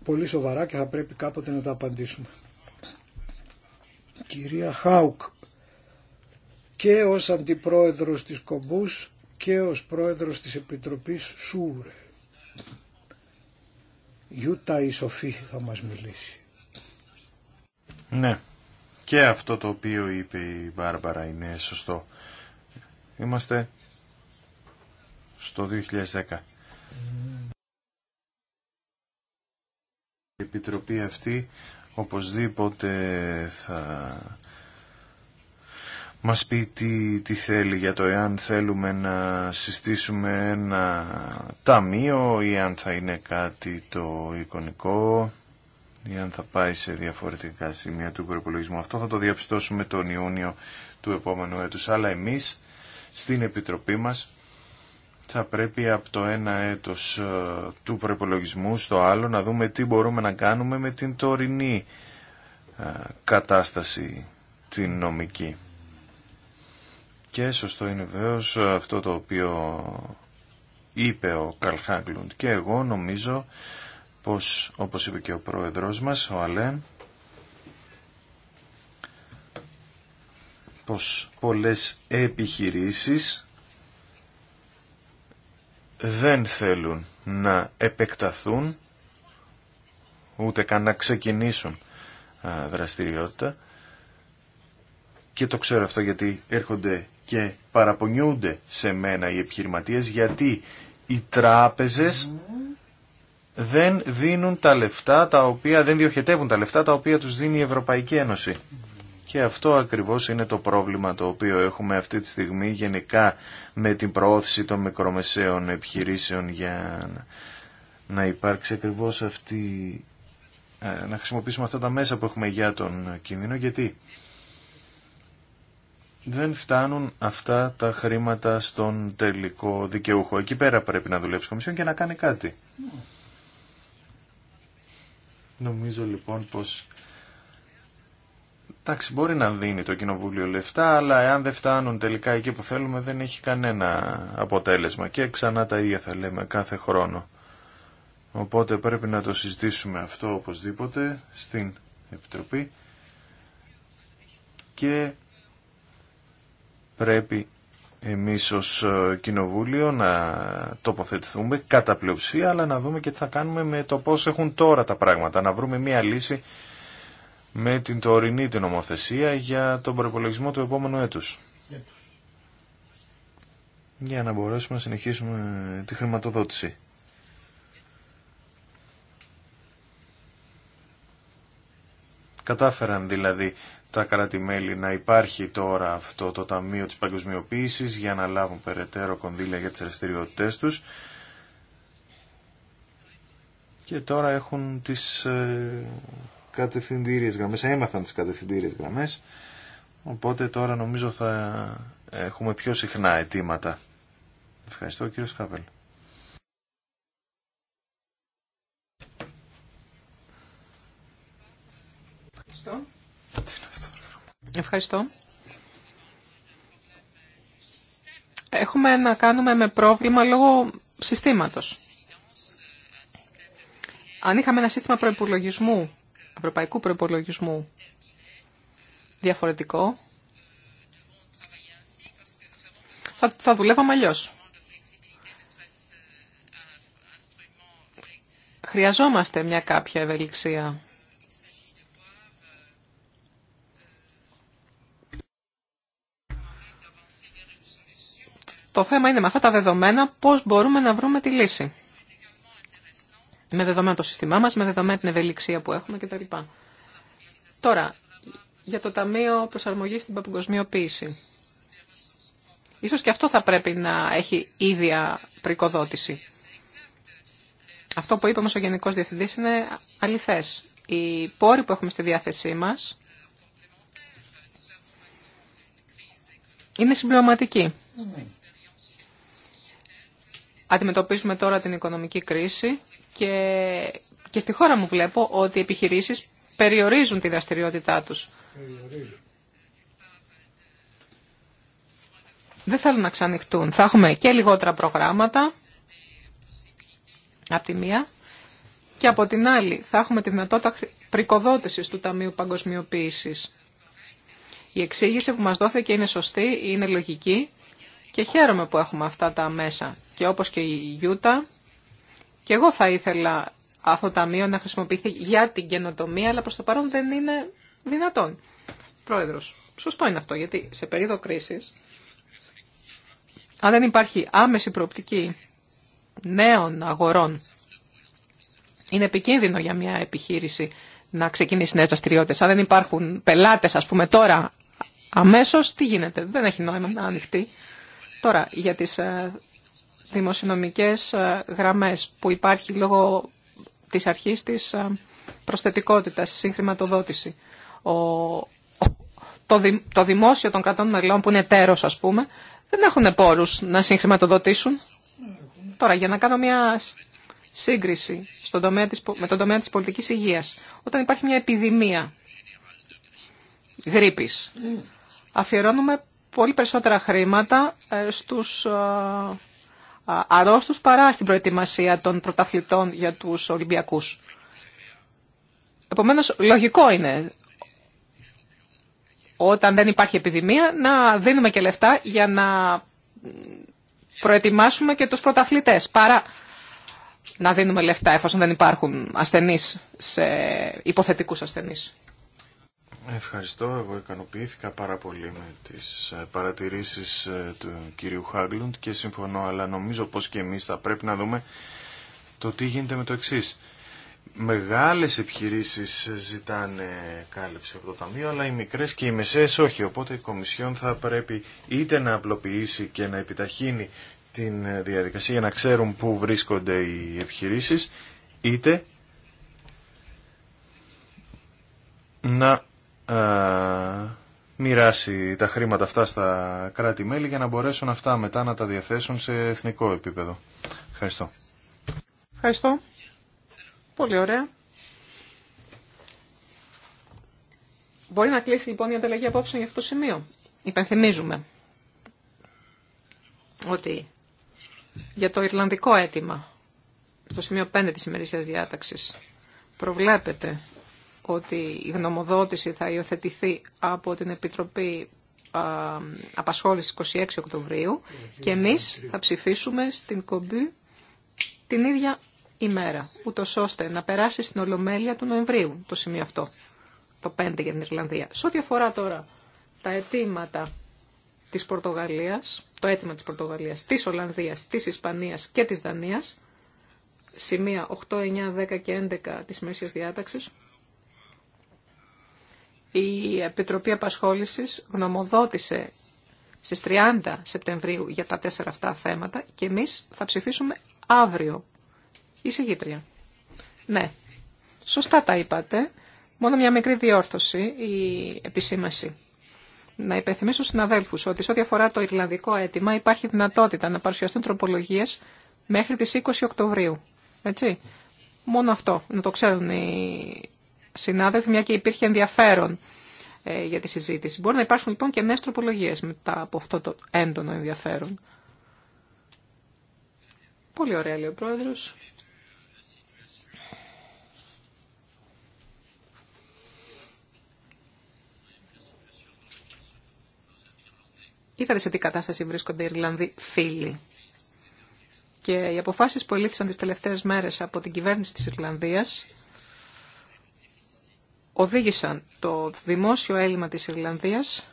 πολύ σοβαρά και θα πρέπει κάποτε να τα απαντήσουμε. Κυρία Χάουκ, και ως αντιπρόεδρος της Κομπούς και ως πρόεδρος της Επιτροπής Σούρε. Γιούτα η Σοφή θα μας μιλήσει. Ναι, και αυτό το οποίο είπε η Μπάρμπαρα είναι σωστό. Είμαστε στο 2010. Η Επιτροπή αυτή οπωσδήποτε θα μας πει τι, τι θέλει για το εάν θέλουμε να συστήσουμε ένα ταμείο ή αν θα είναι κάτι το εικονικό ή αν θα πάει σε διαφορετικά σημεία του προπολογισμού. Αυτό θα το διαπιστώσουμε τον Ιούνιο του επόμενου έτους. Αλλά εμείς στην Επιτροπή μας θα πρέπει από το ένα έτος ε, του προπολογισμού στο άλλο να δούμε τι μπορούμε να κάνουμε με την τωρινή ε, κατάσταση την νομική. Και σωστό είναι βέβαιο ε, αυτό το οποίο είπε ο Καλχάγκλουντ και εγώ νομίζω πως, όπως είπε και ο πρόεδρός μας, ο Αλέν πως πολλές επιχειρήσεις δεν θέλουν να επεκταθούν ούτε καν να ξεκινήσουν δραστηριότητα και το ξέρω αυτό γιατί έρχονται και παραπονιούνται σε μένα οι επιχειρηματίες γιατί οι τράπεζες δεν δίνουν τα λεφτά τα οποία, δεν διοχετεύουν τα λεφτά τα οποία τους δίνει η Ευρωπαϊκή Ένωση. Και αυτό ακριβώς είναι το πρόβλημα το οποίο έχουμε αυτή τη στιγμή γενικά με την προώθηση των μικρομεσαίων επιχειρήσεων για να υπάρξει ακριβώς αυτή, ε, να χρησιμοποιήσουμε αυτά τα μέσα που έχουμε για τον κίνδυνο. Γιατί δεν φτάνουν αυτά τα χρήματα στον τελικό δικαιούχο. Εκεί πέρα πρέπει να δουλέψει η Κομισιόν και να κάνει κάτι. Ναι. Νομίζω λοιπόν πως... Εντάξει, μπορεί να δίνει το Κοινοβούλιο λεφτά, αλλά εάν δεν φτάνουν τελικά εκεί που θέλουμε δεν έχει κανένα αποτέλεσμα. Και ξανά τα ίδια θα λέμε κάθε χρόνο. Οπότε πρέπει να το συζητήσουμε αυτό οπωσδήποτε στην Επιτροπή και πρέπει εμείς ως ε, κοινοβούλιο να τοποθετηθούμε κατά πλειοψηφία, αλλά να δούμε και τι θα κάνουμε με το πώς έχουν τώρα τα πράγματα. Να βρούμε μια λύση με την τωρινή την νομοθεσία για τον προπολογισμό του επόμενου έτους. Για να μπορέσουμε να συνεχίσουμε τη χρηματοδότηση. Κατάφεραν δηλαδή τα κράτη-μέλη να υπάρχει τώρα αυτό το Ταμείο της Παγκοσμιοποίησης για να λάβουν περαιτέρω κονδύλια για τις δραστηριότητε τους και τώρα έχουν τις ε, κατευθυντήριες γραμμές, έμαθαν τις κατευθυντήριες γραμμές οπότε τώρα νομίζω θα έχουμε πιο συχνά αιτήματα. Ευχαριστώ κύριο Σκάβελ. Ευχαριστώ. Έχουμε να κάνουμε με πρόβλημα λόγω συστήματος. Αν είχαμε ένα σύστημα προϋπολογισμού, ευρωπαϊκού προϋπολογισμού, διαφορετικό, θα, θα δουλεύαμε αλλιώ. Χρειαζόμαστε μια κάποια ευελιξία Το θέμα είναι με αυτά τα δεδομένα πώς μπορούμε να βρούμε τη λύση. Με δεδομένα το σύστημά μας, με δεδομένη την ευελιξία που έχουμε κτλ. Τώρα, για το Ταμείο Προσαρμογής στην Παγκοσμιοποίηση. Ίσως και αυτό θα πρέπει να έχει ίδια πρικοδότηση. Αυτό που είπαμε ο Γενικός Διευθυντής είναι αληθές. Οι πόροι που έχουμε στη διάθεσή μας είναι συμπληρωματικοί. Αντιμετωπίζουμε τώρα την οικονομική κρίση και, και στη χώρα μου βλέπω ότι οι επιχειρήσεις περιορίζουν τη δραστηριότητά τους. Δεν θέλουν να ξανοιχτούν. Θα έχουμε και λιγότερα προγράμματα από τη μία και από την άλλη θα έχουμε τη δυνατότητα πρικοδότησης του Ταμείου Παγκοσμιοποίησης. Η εξήγηση που μας δόθηκε είναι σωστή, είναι λογική και χαίρομαι που έχουμε αυτά τα μέσα. Και όπως και η Γιούτα, και εγώ θα ήθελα αυτό το ταμείο να χρησιμοποιηθεί για την καινοτομία, αλλά προς το παρόν δεν είναι δυνατόν. Πρόεδρος, σωστό είναι αυτό, γιατί σε περίοδο κρίσης, αν δεν υπάρχει άμεση προοπτική νέων αγορών, είναι επικίνδυνο για μια επιχείρηση να ξεκινήσει νέες δραστηριότητε. Αν δεν υπάρχουν πελάτες, ας πούμε, τώρα αμέσως, τι γίνεται. Δεν έχει νόημα να ανοιχτεί. Τώρα, για τις ε, δημοσιονομικές ε, γραμμές που υπάρχει λόγω της αρχής της ε, προσθετικότητας, συγχρηματοδότηση. Ο, το, το δημόσιο των κρατών μελών που είναι τέρος, ας πούμε, δεν έχουν πόρους να συγχρηματοδοτήσουν. Τώρα, για να κάνω μια σύγκριση στον τομέα της, με τον τομέα της πολιτικής υγείας. Όταν υπάρχει μια επιδημία γρήπης, αφιερώνουμε πολύ περισσότερα χρήματα ε, στους ε, αρρώστους παρά στην προετοιμασία των πρωταθλητών για τους Ολυμπιακούς. Επομένως, λογικό είναι όταν δεν υπάρχει επιδημία να δίνουμε και λεφτά για να προετοιμάσουμε και τους πρωταθλητές παρά να δίνουμε λεφτά εφόσον δεν υπάρχουν ασθενείς σε υποθετικούς ασθενείς. Ευχαριστώ. Εγώ ικανοποιήθηκα πάρα πολύ με τις ε, παρατηρήσεις ε, του κυρίου Χάγλουντ και συμφωνώ, αλλά νομίζω πως και εμείς θα πρέπει να δούμε το τι γίνεται με το εξή. Μεγάλες επιχειρήσεις ζητάνε κάλυψη από το Ταμείο, αλλά οι μικρές και οι μεσαίες όχι. Οπότε η Κομισιόν θα πρέπει είτε να απλοποιήσει και να επιταχύνει την διαδικασία για να ξέρουν πού βρίσκονται οι επιχειρήσεις, είτε να μοιράσει τα χρήματα αυτά στα κράτη-μέλη για να μπορέσουν αυτά μετά να τα διαθέσουν σε εθνικό επίπεδο. Ευχαριστώ. Ευχαριστώ. Πολύ ωραία. Μπορεί να κλείσει λοιπόν η ανταλλαγή απόψεων για αυτό το σημείο. Υπενθυμίζουμε ότι για το Ιρλανδικό αίτημα, στο σημείο 5 της ημερήσιας διάταξης, προβλέπεται ότι η γνωμοδότηση θα υιοθετηθεί από την Επιτροπή Απασχόλησης 26 Οκτωβρίου και εμείς θα ψηφίσουμε στην Κομπή την ίδια ημέρα, ούτω ώστε να περάσει στην Ολομέλεια του Νοεμβρίου το σημείο αυτό, το 5 για την Ιρλανδία. Σε ό,τι αφορά τώρα τα αιτήματα της Πορτογαλίας, το αίτημα της Πορτογαλίας, της Ολλανδίας, της Ισπανίας και της Δανίας, σημεία 8, 9, 10 και 11 της Μέσιας Διάταξης, η Επιτροπή Απασχόλησης γνωμοδότησε στις 30 Σεπτεμβρίου για τα τέσσερα αυτά θέματα και εμείς θα ψηφίσουμε αύριο. Εισηγήτρια. Ναι, σωστά τα είπατε. Μόνο μια μικρή διόρθωση η επισήμαση. Να υπενθυμίσω στου συναδέλφου ότι σε ό,τι αφορά το Ιρλανδικό αίτημα υπάρχει δυνατότητα να παρουσιαστούν τροπολογίε μέχρι τι 20 Οκτωβρίου. Έτσι. Μόνο αυτό να το ξέρουν οι συνάδελφοι, μια και υπήρχε ενδιαφέρον ε, για τη συζήτηση. Μπορεί να υπάρξουν λοιπόν και νέε τροπολογίε μετά από αυτό το έντονο ενδιαφέρον. Πολύ ωραία λέει ο πρόεδρο. Είδατε σε τι κατάσταση βρίσκονται οι Ιρλανδοί φίλοι. Και οι αποφάσεις που ελήφθησαν τις τελευταίες μέρες από την κυβέρνηση της Ιρλανδίας οδήγησαν το δημόσιο έλλειμμα της Ιρλανδίας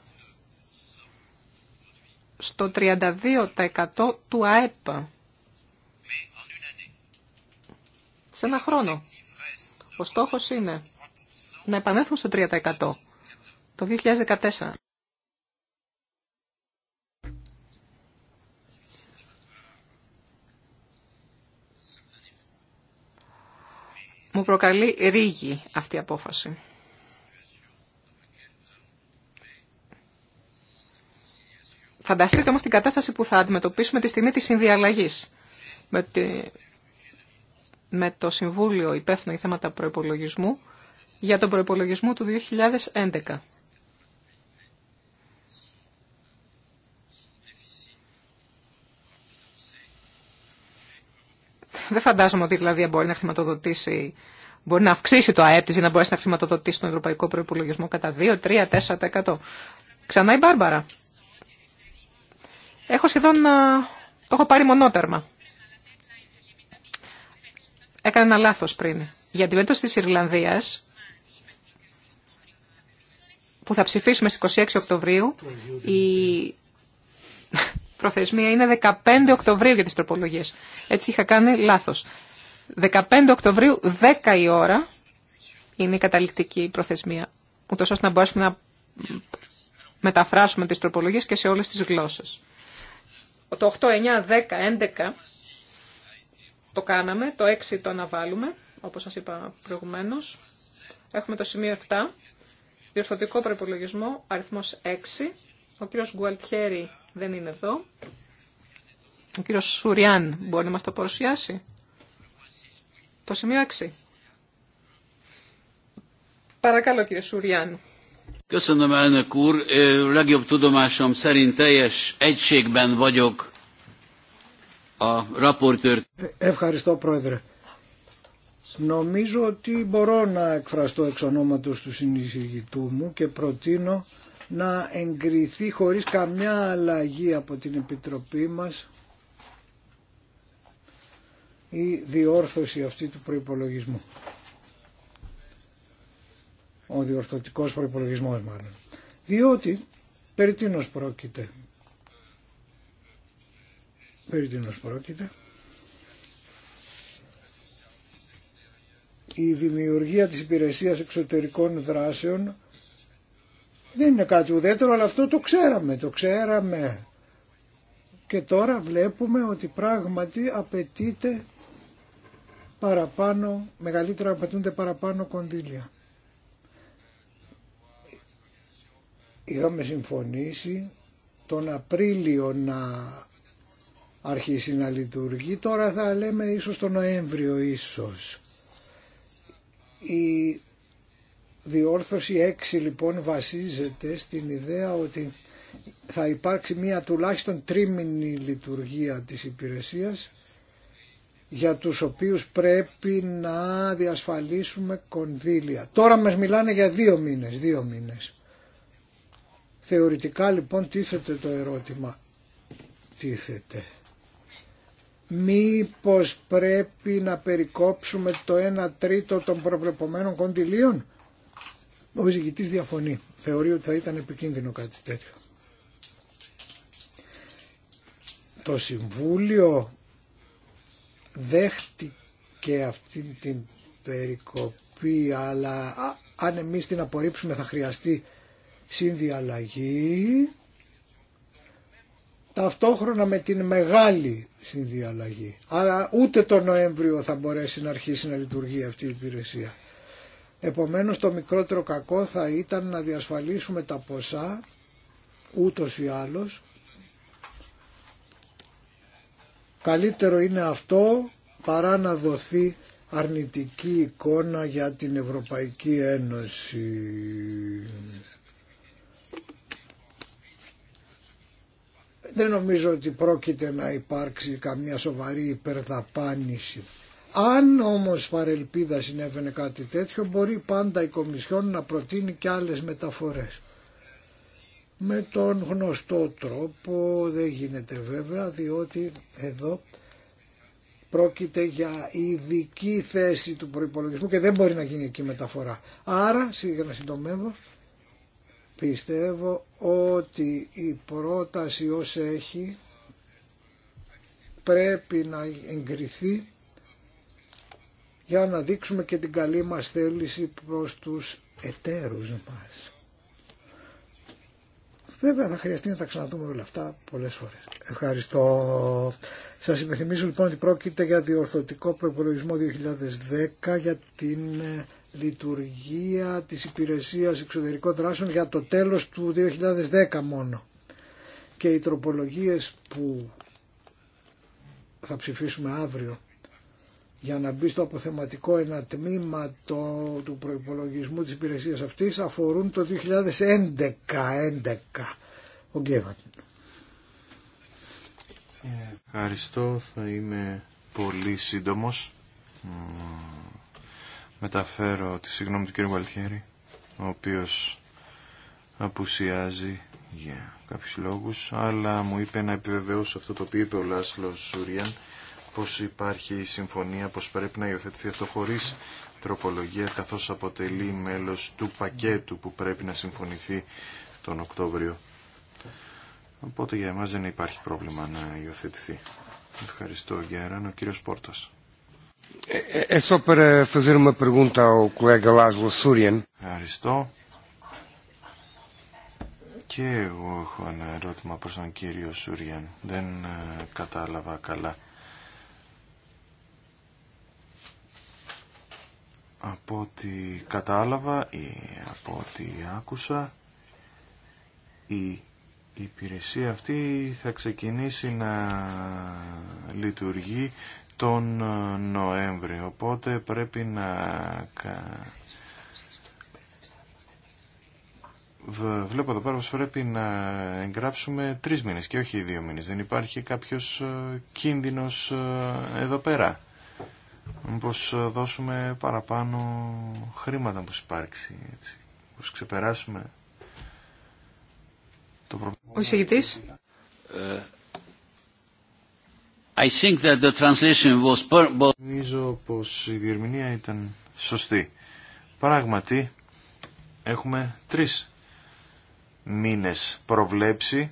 στο 32% του ΑΕΠ. Σε ένα χρόνο. Ο στόχος είναι να επανέλθουν στο 3% το 2014. Μου προκαλεί ρίγη αυτή η απόφαση. Φανταστείτε όμως την κατάσταση που θα αντιμετωπίσουμε τη στιγμή της συνδιαλλαγής με, τη... με το Συμβούλιο Υπεύθυνο για θέματα προϋπολογισμού για τον προϋπολογισμό του 2011. Δεν φαντάζομαι ότι δηλαδή μπορεί να χρηματοδοτήσει, μπορεί να αυξήσει το ΑΕΠ να μπορέσει να χρηματοδοτήσει τον ευρωπαϊκό προϋπολογισμό κατά 2, 3, 4%. Ξανά η Μπάρμπαρα. Έχω σχεδόν, ε, το έχω πάρει μονότερμα. Έκανα ένα λάθο πριν. Για την περίπτωση τη Ιρλανδίας, που θα ψηφίσουμε στι 26 Οκτωβρίου, η προθεσμία είναι 15 Οκτωβρίου για τις τροπολογίες. Έτσι είχα κάνει λάθο. 15 Οκτωβρίου, 10 η ώρα, είναι η καταληκτική προθεσμία, ούτω ώστε να μπορέσουμε να μεταφράσουμε τις τροπολογίες και σε όλες τις γλώσσες. Το 8, 9, 10, 11 το κάναμε, το 6 το αναβάλουμε, όπως σας είπα προηγουμένως. Έχουμε το σημείο 7, διορθωτικό προπολογισμό, αριθμός 6. Ο κύριος Γκουαλτιέρη δεν είναι εδώ. Ο κύριος Σουριάν μπορεί να μας το παρουσιάσει. Το σημείο 6. Παρακαλώ κύριε Σουριάν. Ευχαριστώ, Πρόεδρε. Νομίζω ότι μπορώ να εκφραστώ εξ ονόματος του συνεισηγητού μου και προτείνω να εγκριθεί χωρίς καμιά αλλαγή από την Επιτροπή μας η διόρθωση αυτή του προϋπολογισμού ο διορθωτικός προϋπολογισμός μάλλον. Διότι περί τίνος πρόκειται. Περί πρόκειται. Η δημιουργία της υπηρεσίας εξωτερικών δράσεων δεν είναι κάτι ουδέτερο, αλλά αυτό το ξέραμε, το ξέραμε. Και τώρα βλέπουμε ότι πράγματι απαιτείται παραπάνω, μεγαλύτερα απαιτούνται παραπάνω κονδύλια. είχαμε συμφωνήσει τον Απρίλιο να αρχίσει να λειτουργεί, τώρα θα λέμε ίσως τον Νοέμβριο ίσως. Η διόρθωση 6 λοιπόν βασίζεται στην ιδέα ότι θα υπάρξει μια τουλάχιστον τρίμηνη λειτουργία της υπηρεσίας για τους οποίους πρέπει να διασφαλίσουμε κονδύλια. Τώρα μας μιλάνε για δύο μήνες, δύο μήνες. Θεωρητικά λοιπόν τίθεται το ερώτημα. Τίθεται. Μήπως πρέπει να περικόψουμε το 1 τρίτο των προβλεπωμένων κοντιλίων. Ο Ζυγητής διαφωνεί. Θεωρεί ότι θα ήταν επικίνδυνο κάτι τέτοιο. Το Συμβούλιο δέχτηκε αυτή την περικοπή αλλά αν εμείς την απορρίψουμε θα χρειαστεί συνδιαλλαγή ταυτόχρονα με την μεγάλη συνδιαλλαγή. Άρα ούτε το Νοέμβριο θα μπορέσει να αρχίσει να λειτουργεί αυτή η υπηρεσία. Επομένως το μικρότερο κακό θα ήταν να διασφαλίσουμε τα ποσά ούτως ή άλλως. Καλύτερο είναι αυτό παρά να δοθεί αρνητική εικόνα για την Ευρωπαϊκή Ένωση. δεν νομίζω ότι πρόκειται να υπάρξει καμία σοβαρή υπερδαπάνηση. Αν όμως παρελπίδα συνέβαινε κάτι τέτοιο μπορεί πάντα η Κομισιόν να προτείνει και άλλες μεταφορές. Με τον γνωστό τρόπο δεν γίνεται βέβαια διότι εδώ πρόκειται για ειδική θέση του προϋπολογισμού και δεν μπορεί να γίνει εκεί μεταφορά. Άρα, σύγχρονα συντομεύω, Πιστεύω ότι η πρόταση ως έχει πρέπει να εγκριθεί για να δείξουμε και την καλή μας θέληση προς τους εταίρους μας. Βέβαια θα χρειαστεί να τα ξαναδούμε όλα αυτά πολλές φορές. Ευχαριστώ. Σας υπενθυμίζω λοιπόν ότι πρόκειται για διορθωτικό προπολογισμό 2010 για την ε, λειτουργία της υπηρεσίας εξωτερικών δράσεων για το τέλος του 2010 μόνο. Και οι τροπολογίες που θα ψηφίσουμε αύριο για να μπει στο αποθεματικό ένα τμήμα του προϋπολογισμού της υπηρεσίας αυτής αφορούν το 2011. 11. Ο Γκέβαν. Ευχαριστώ, θα είμαι πολύ σύντομος μεταφέρω τη συγγνώμη του κ. Γουαλτιέρη, ο οποίος απουσιάζει για κάποιους λόγους, αλλά μου είπε να επιβεβαιώσω αυτό το οποίο είπε ο Λάσλος Σουριάν, πως υπάρχει συμφωνία, πως πρέπει να υιοθετηθεί αυτό χωρίς τροπολογία, καθώς αποτελεί μέλος του πακέτου που πρέπει να συμφωνηθεί τον Οκτώβριο. Οπότε για εμάς δεν υπάρχει πρόβλημα να υιοθετηθεί. Ευχαριστώ Γέραν, ο κύριος Πόρτας. Ε, ε, ε, Ευχαριστώ. Και εγώ έχω ένα ερώτημα προς τον κύριο Σούριαν. Δεν κατάλαβα καλά. Από ό,τι κατάλαβα ή από ό,τι άκουσα, η υπηρεσία αυτή θα ξεκινήσει να λειτουργεί τον ε, Νοέμβρη. Οπότε πρέπει να... Βλέπω εδώ πέρα πρέπει να εγγράψουμε τρεις μήνες και όχι δύο μήνες. Δεν υπάρχει κάποιος ε, κίνδυνος ε, εδώ πέρα. Μήπως δώσουμε παραπάνω χρήματα που υπάρξει. Έτσι. Πώς ξεπεράσουμε το πρόβλημα. Ο Νομίζω πως η διερμηνία ήταν σωστή. Πράγματι, έχουμε τρεις μήνες προβλέψει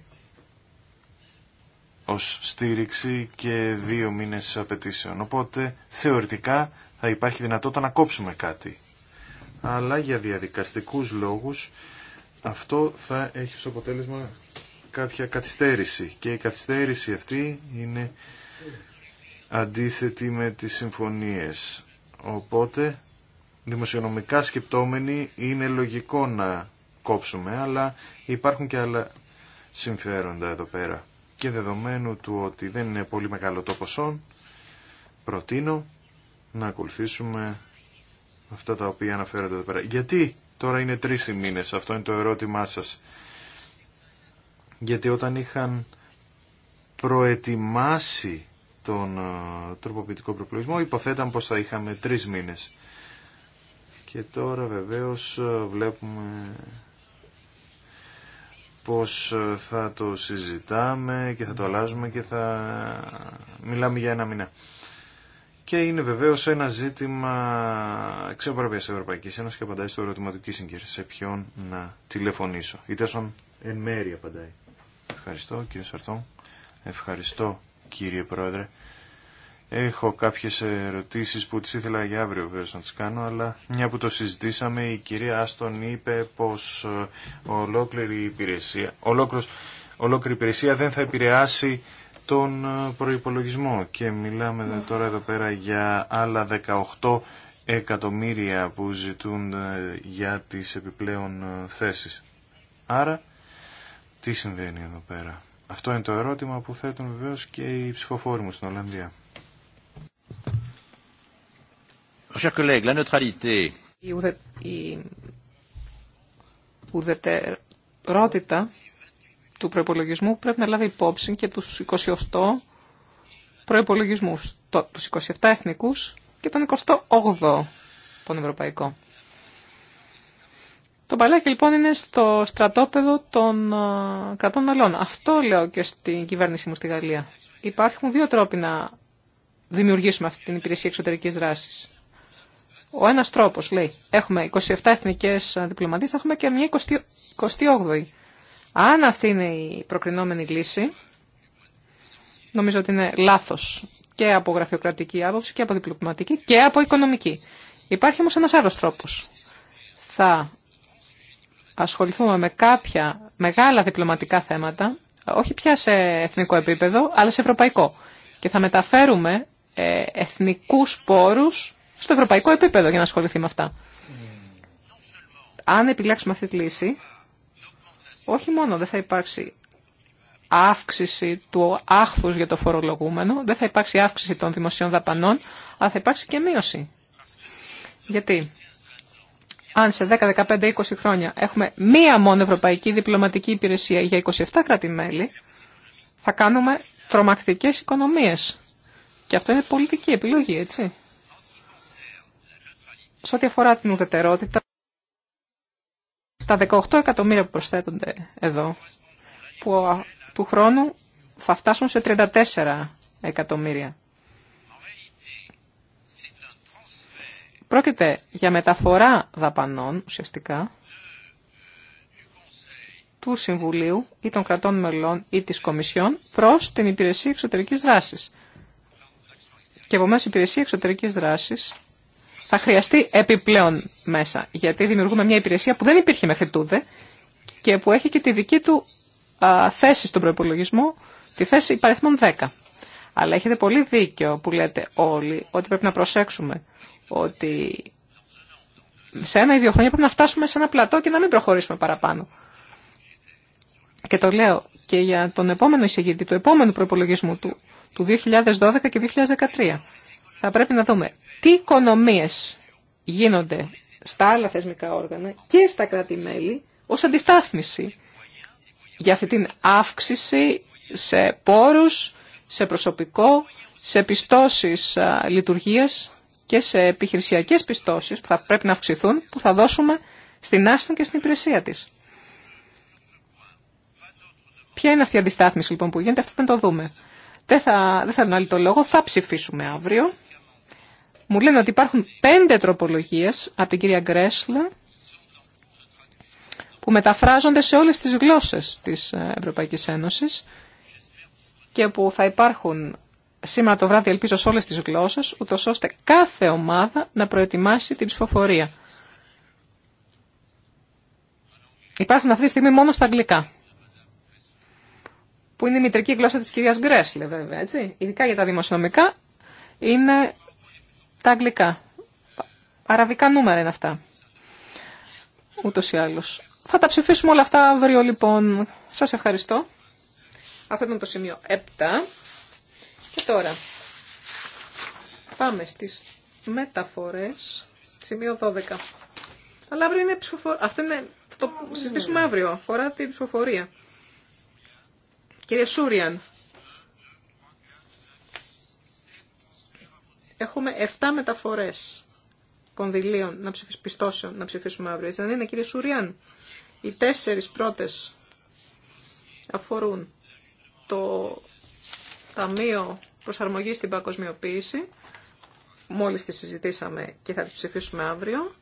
ως στήριξη και δύο μήνες απαιτήσεων. Οπότε, θεωρητικά, θα υπάρχει δυνατότητα να κόψουμε κάτι. Αλλά για διαδικαστικούς λόγους, αυτό θα έχει ως αποτέλεσμα κάποια καθυστέρηση. Και η καθυστέρηση αυτή είναι αντίθετη με τις συμφωνίες. Οπότε, δημοσιονομικά σκεπτόμενοι, είναι λογικό να κόψουμε, αλλά υπάρχουν και άλλα συμφέροντα εδώ πέρα. Και δεδομένου του ότι δεν είναι πολύ μεγάλο το ποσό, προτείνω να ακολουθήσουμε αυτά τα οποία αναφέρονται εδώ πέρα. Γιατί τώρα είναι τρεις αυτό είναι το ερώτημά σας. Γιατί όταν είχαν προετοιμάσει τον ε, τροποποιητικό προπλογισμό υποθέταν πως θα είχαμε τρεις μήνες. Και τώρα βεβαίως ε, βλέπουμε πως ε, θα το συζητάμε και θα το αλλάζουμε και θα μιλάμε για ένα μήνα. Και είναι βεβαίως ένα ζήτημα εξωπρέπειας της Ευρωπαϊκής Ένωσης και απαντάει στο ερώτημα του Κίσιγκερ σε ποιον να τηλεφωνήσω. Ή εν μέρη απαντάει. Ευχαριστώ κύριε Σαρθό. Ευχαριστώ κύριε Πρόεδρε. Έχω κάποιες ερωτήσεις που τις ήθελα για αύριο βέβαια να τις κάνω, αλλά μια που το συζητήσαμε η κυρία Άστον είπε πως ολόκληρη υπηρεσία, ολόκληρη υπηρεσία δεν θα επηρεάσει τον προϋπολογισμό και μιλάμε τώρα εδώ πέρα για άλλα 18 εκατομμύρια που ζητούν για τις επιπλέον θέσεις. Άρα, τι συμβαίνει εδώ πέρα. Αυτό είναι το ερώτημα που θέτουν βεβαίως και οι ψηφοφόροι μου στην Ολλανδία. Η, ουδετερότητα του προπολογισμού πρέπει να λάβει υπόψη και τους 28 προϋπολογισμούς, τους 27 εθνικούς και τον 28 τον ευρωπαϊκό. Το παλάτι, λοιπόν είναι στο στρατόπεδο των ε, κρατών μελών. Αυτό λέω και στην κυβέρνηση μου στη Γαλλία. Υπάρχουν δύο τρόποι να δημιουργήσουμε αυτή την υπηρεσία εξωτερικής δράσης. Ο ένας τρόπος λέει, έχουμε 27 εθνικές διπλωματίες, θα έχουμε και μια 28η. Αν αυτή είναι η προκρινόμενη λύση, νομίζω ότι είναι λάθος και από γραφειοκρατική άποψη και από διπλωματική και από οικονομική. Υπάρχει όμως ένας άλλος τρόπος. Θα ασχοληθούμε με κάποια μεγάλα διπλωματικά θέματα, όχι πια σε εθνικό επίπεδο, αλλά σε ευρωπαϊκό. Και θα μεταφέρουμε ε, εθνικούς πόρους στο ευρωπαϊκό επίπεδο για να ασχοληθεί με αυτά. Αν επιλέξουμε αυτή τη λύση, όχι μόνο δεν θα υπάρξει αύξηση του άχθους για το φορολογούμενο, δεν θα υπάρξει αύξηση των δημοσίων δαπανών, αλλά θα υπάρξει και μείωση. Γιατί αν σε 10, 15, 20 χρόνια έχουμε μία μόνο ευρωπαϊκή διπλωματική υπηρεσία για 27 κράτη-μέλη, θα κάνουμε τρομακτικές οικονομίες. Και αυτό είναι πολιτική επιλογή, έτσι. Σε ό,τι αφορά την ουδετερότητα, τα 18 εκατομμύρια που προσθέτονται εδώ, που του χρόνου θα φτάσουν σε 34 εκατομμύρια. Πρόκειται για μεταφορά δαπανών ουσιαστικά του Συμβουλίου ή των κρατών μελών ή της Κομισιόν προς την Υπηρεσία Εξωτερικής Δράσης. Και επομένως η Υπηρεσία Εξωτερικής Δράσης θα χρειαστεί επιπλέον μέσα, γιατί δημιουργούμε μια υπηρεσία που δεν υπήρχε μέχρι τούδε και που έχει και τη δική του θέση στον προπολογισμό, τη θέση υπαριθμών 10. Αλλά έχετε πολύ δίκιο που λέτε όλοι ότι πρέπει να προσέξουμε ότι σε ένα ή δύο χρόνια πρέπει να φτάσουμε σε ένα πλατό και να μην προχωρήσουμε παραπάνω. Και το λέω και για τον επόμενο εισηγητή, του επόμενου προπολογισμού του, του 2012 και 2013. Θα πρέπει να δούμε τι οικονομίες γίνονται στα άλλα θεσμικά όργανα και στα κράτη-μέλη ως αντιστάθμιση για αυτή την αύξηση σε πόρους σε προσωπικό, σε πιστώσεις λειτουργίας και σε επιχειρησιακές πιστώσεις που θα πρέπει να αυξηθούν, που θα δώσουμε στην Άστον και στην υπηρεσία της. Ποια είναι αυτή η αντιστάθμιση λοιπόν που γίνεται, αυτό πρέπει να το δούμε. Δεν, θα, δεν το λόγο, θα ψηφίσουμε αύριο. Μου λένε ότι υπάρχουν πέντε τροπολογίες από την κυρία Γκρέσλα που μεταφράζονται σε όλες τις γλώσσες της ε, Ευρωπαϊκής Ένωσης και που θα υπάρχουν σήμερα το βράδυ ελπίζω σε όλες τις γλώσσες, ούτως ώστε κάθε ομάδα να προετοιμάσει την ψηφοφορία. Υπάρχουν αυτή τη στιγμή μόνο στα αγγλικά. Που είναι η μητρική γλώσσα της κυρίας Γκρέσλε βέβαια, έτσι. Ειδικά για τα δημοσιονομικά είναι τα αγγλικά. Αραβικά νούμερα είναι αυτά. Ούτως ή άλλως. Θα τα ψηφίσουμε όλα αυτά αύριο λοιπόν. Σας ευχαριστώ. Αυτό ήταν το σημείο 7. Και τώρα πάμε στις μεταφορές, σημείο 12. Αλλά αύριο είναι ψηφοφορία. Αυτό είναι... Θα το συζητήσουμε αύριο. Αφορά την ψηφοφορία. Κύριε Σούριαν. Έχουμε 7 μεταφορές κονδυλίων να ψηφίσουμε, πιστώσεων να ψηφίσουμε αύριο. Έτσι δεν είναι κύριε Σουριάν. Οι τέσσερις πρώτες αφορούν το Ταμείο προσαρμογή στην Παγκοσμιοποίηση, μόλις τη συζητήσαμε και θα τη ψηφίσουμε αύριο.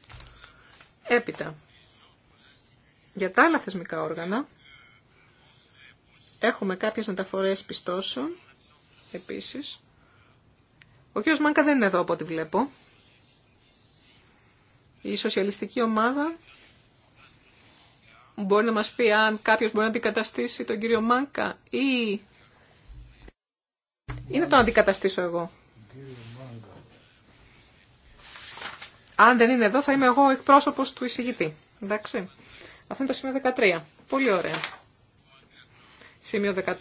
Έπειτα, για τα άλλα θεσμικά όργανα, έχουμε κάποιες μεταφορές πιστώσεων, επίσης. Ο κ. Μάνκα δεν είναι εδώ από ό,τι βλέπω. Η σοσιαλιστική ομάδα Μπορεί να μας πει αν κάποιος μπορεί να αντικαταστήσει τον κύριο Μάνκα ή... το να τον αντικαταστήσω εγώ. Αν δεν είναι εδώ θα είμαι εγώ εκπρόσωπος του εισηγητή. Εντάξει. Αυτό είναι το σημείο 13. Πολύ ωραία. Σημείο 14,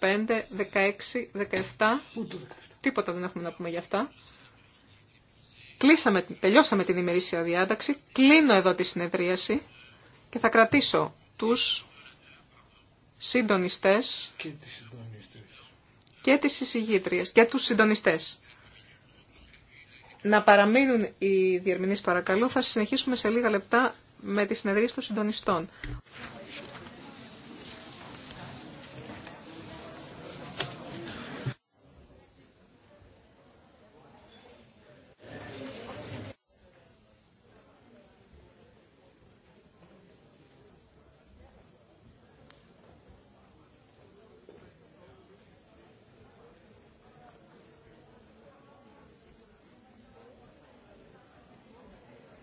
15, 16, 17. Τίποτα δεν έχουμε να πούμε για αυτά. Κλείσαμε, τελειώσαμε την ημερήσια διάταξη. Κλείνω εδώ τη συνεδρίαση και θα κρατήσω τους συντονιστές και τις, και και τους συντονιστές. Να παραμείνουν οι διερμηνείς παρακαλώ, θα συνεχίσουμε σε λίγα λεπτά με τη συνεδρίες των συντονιστών.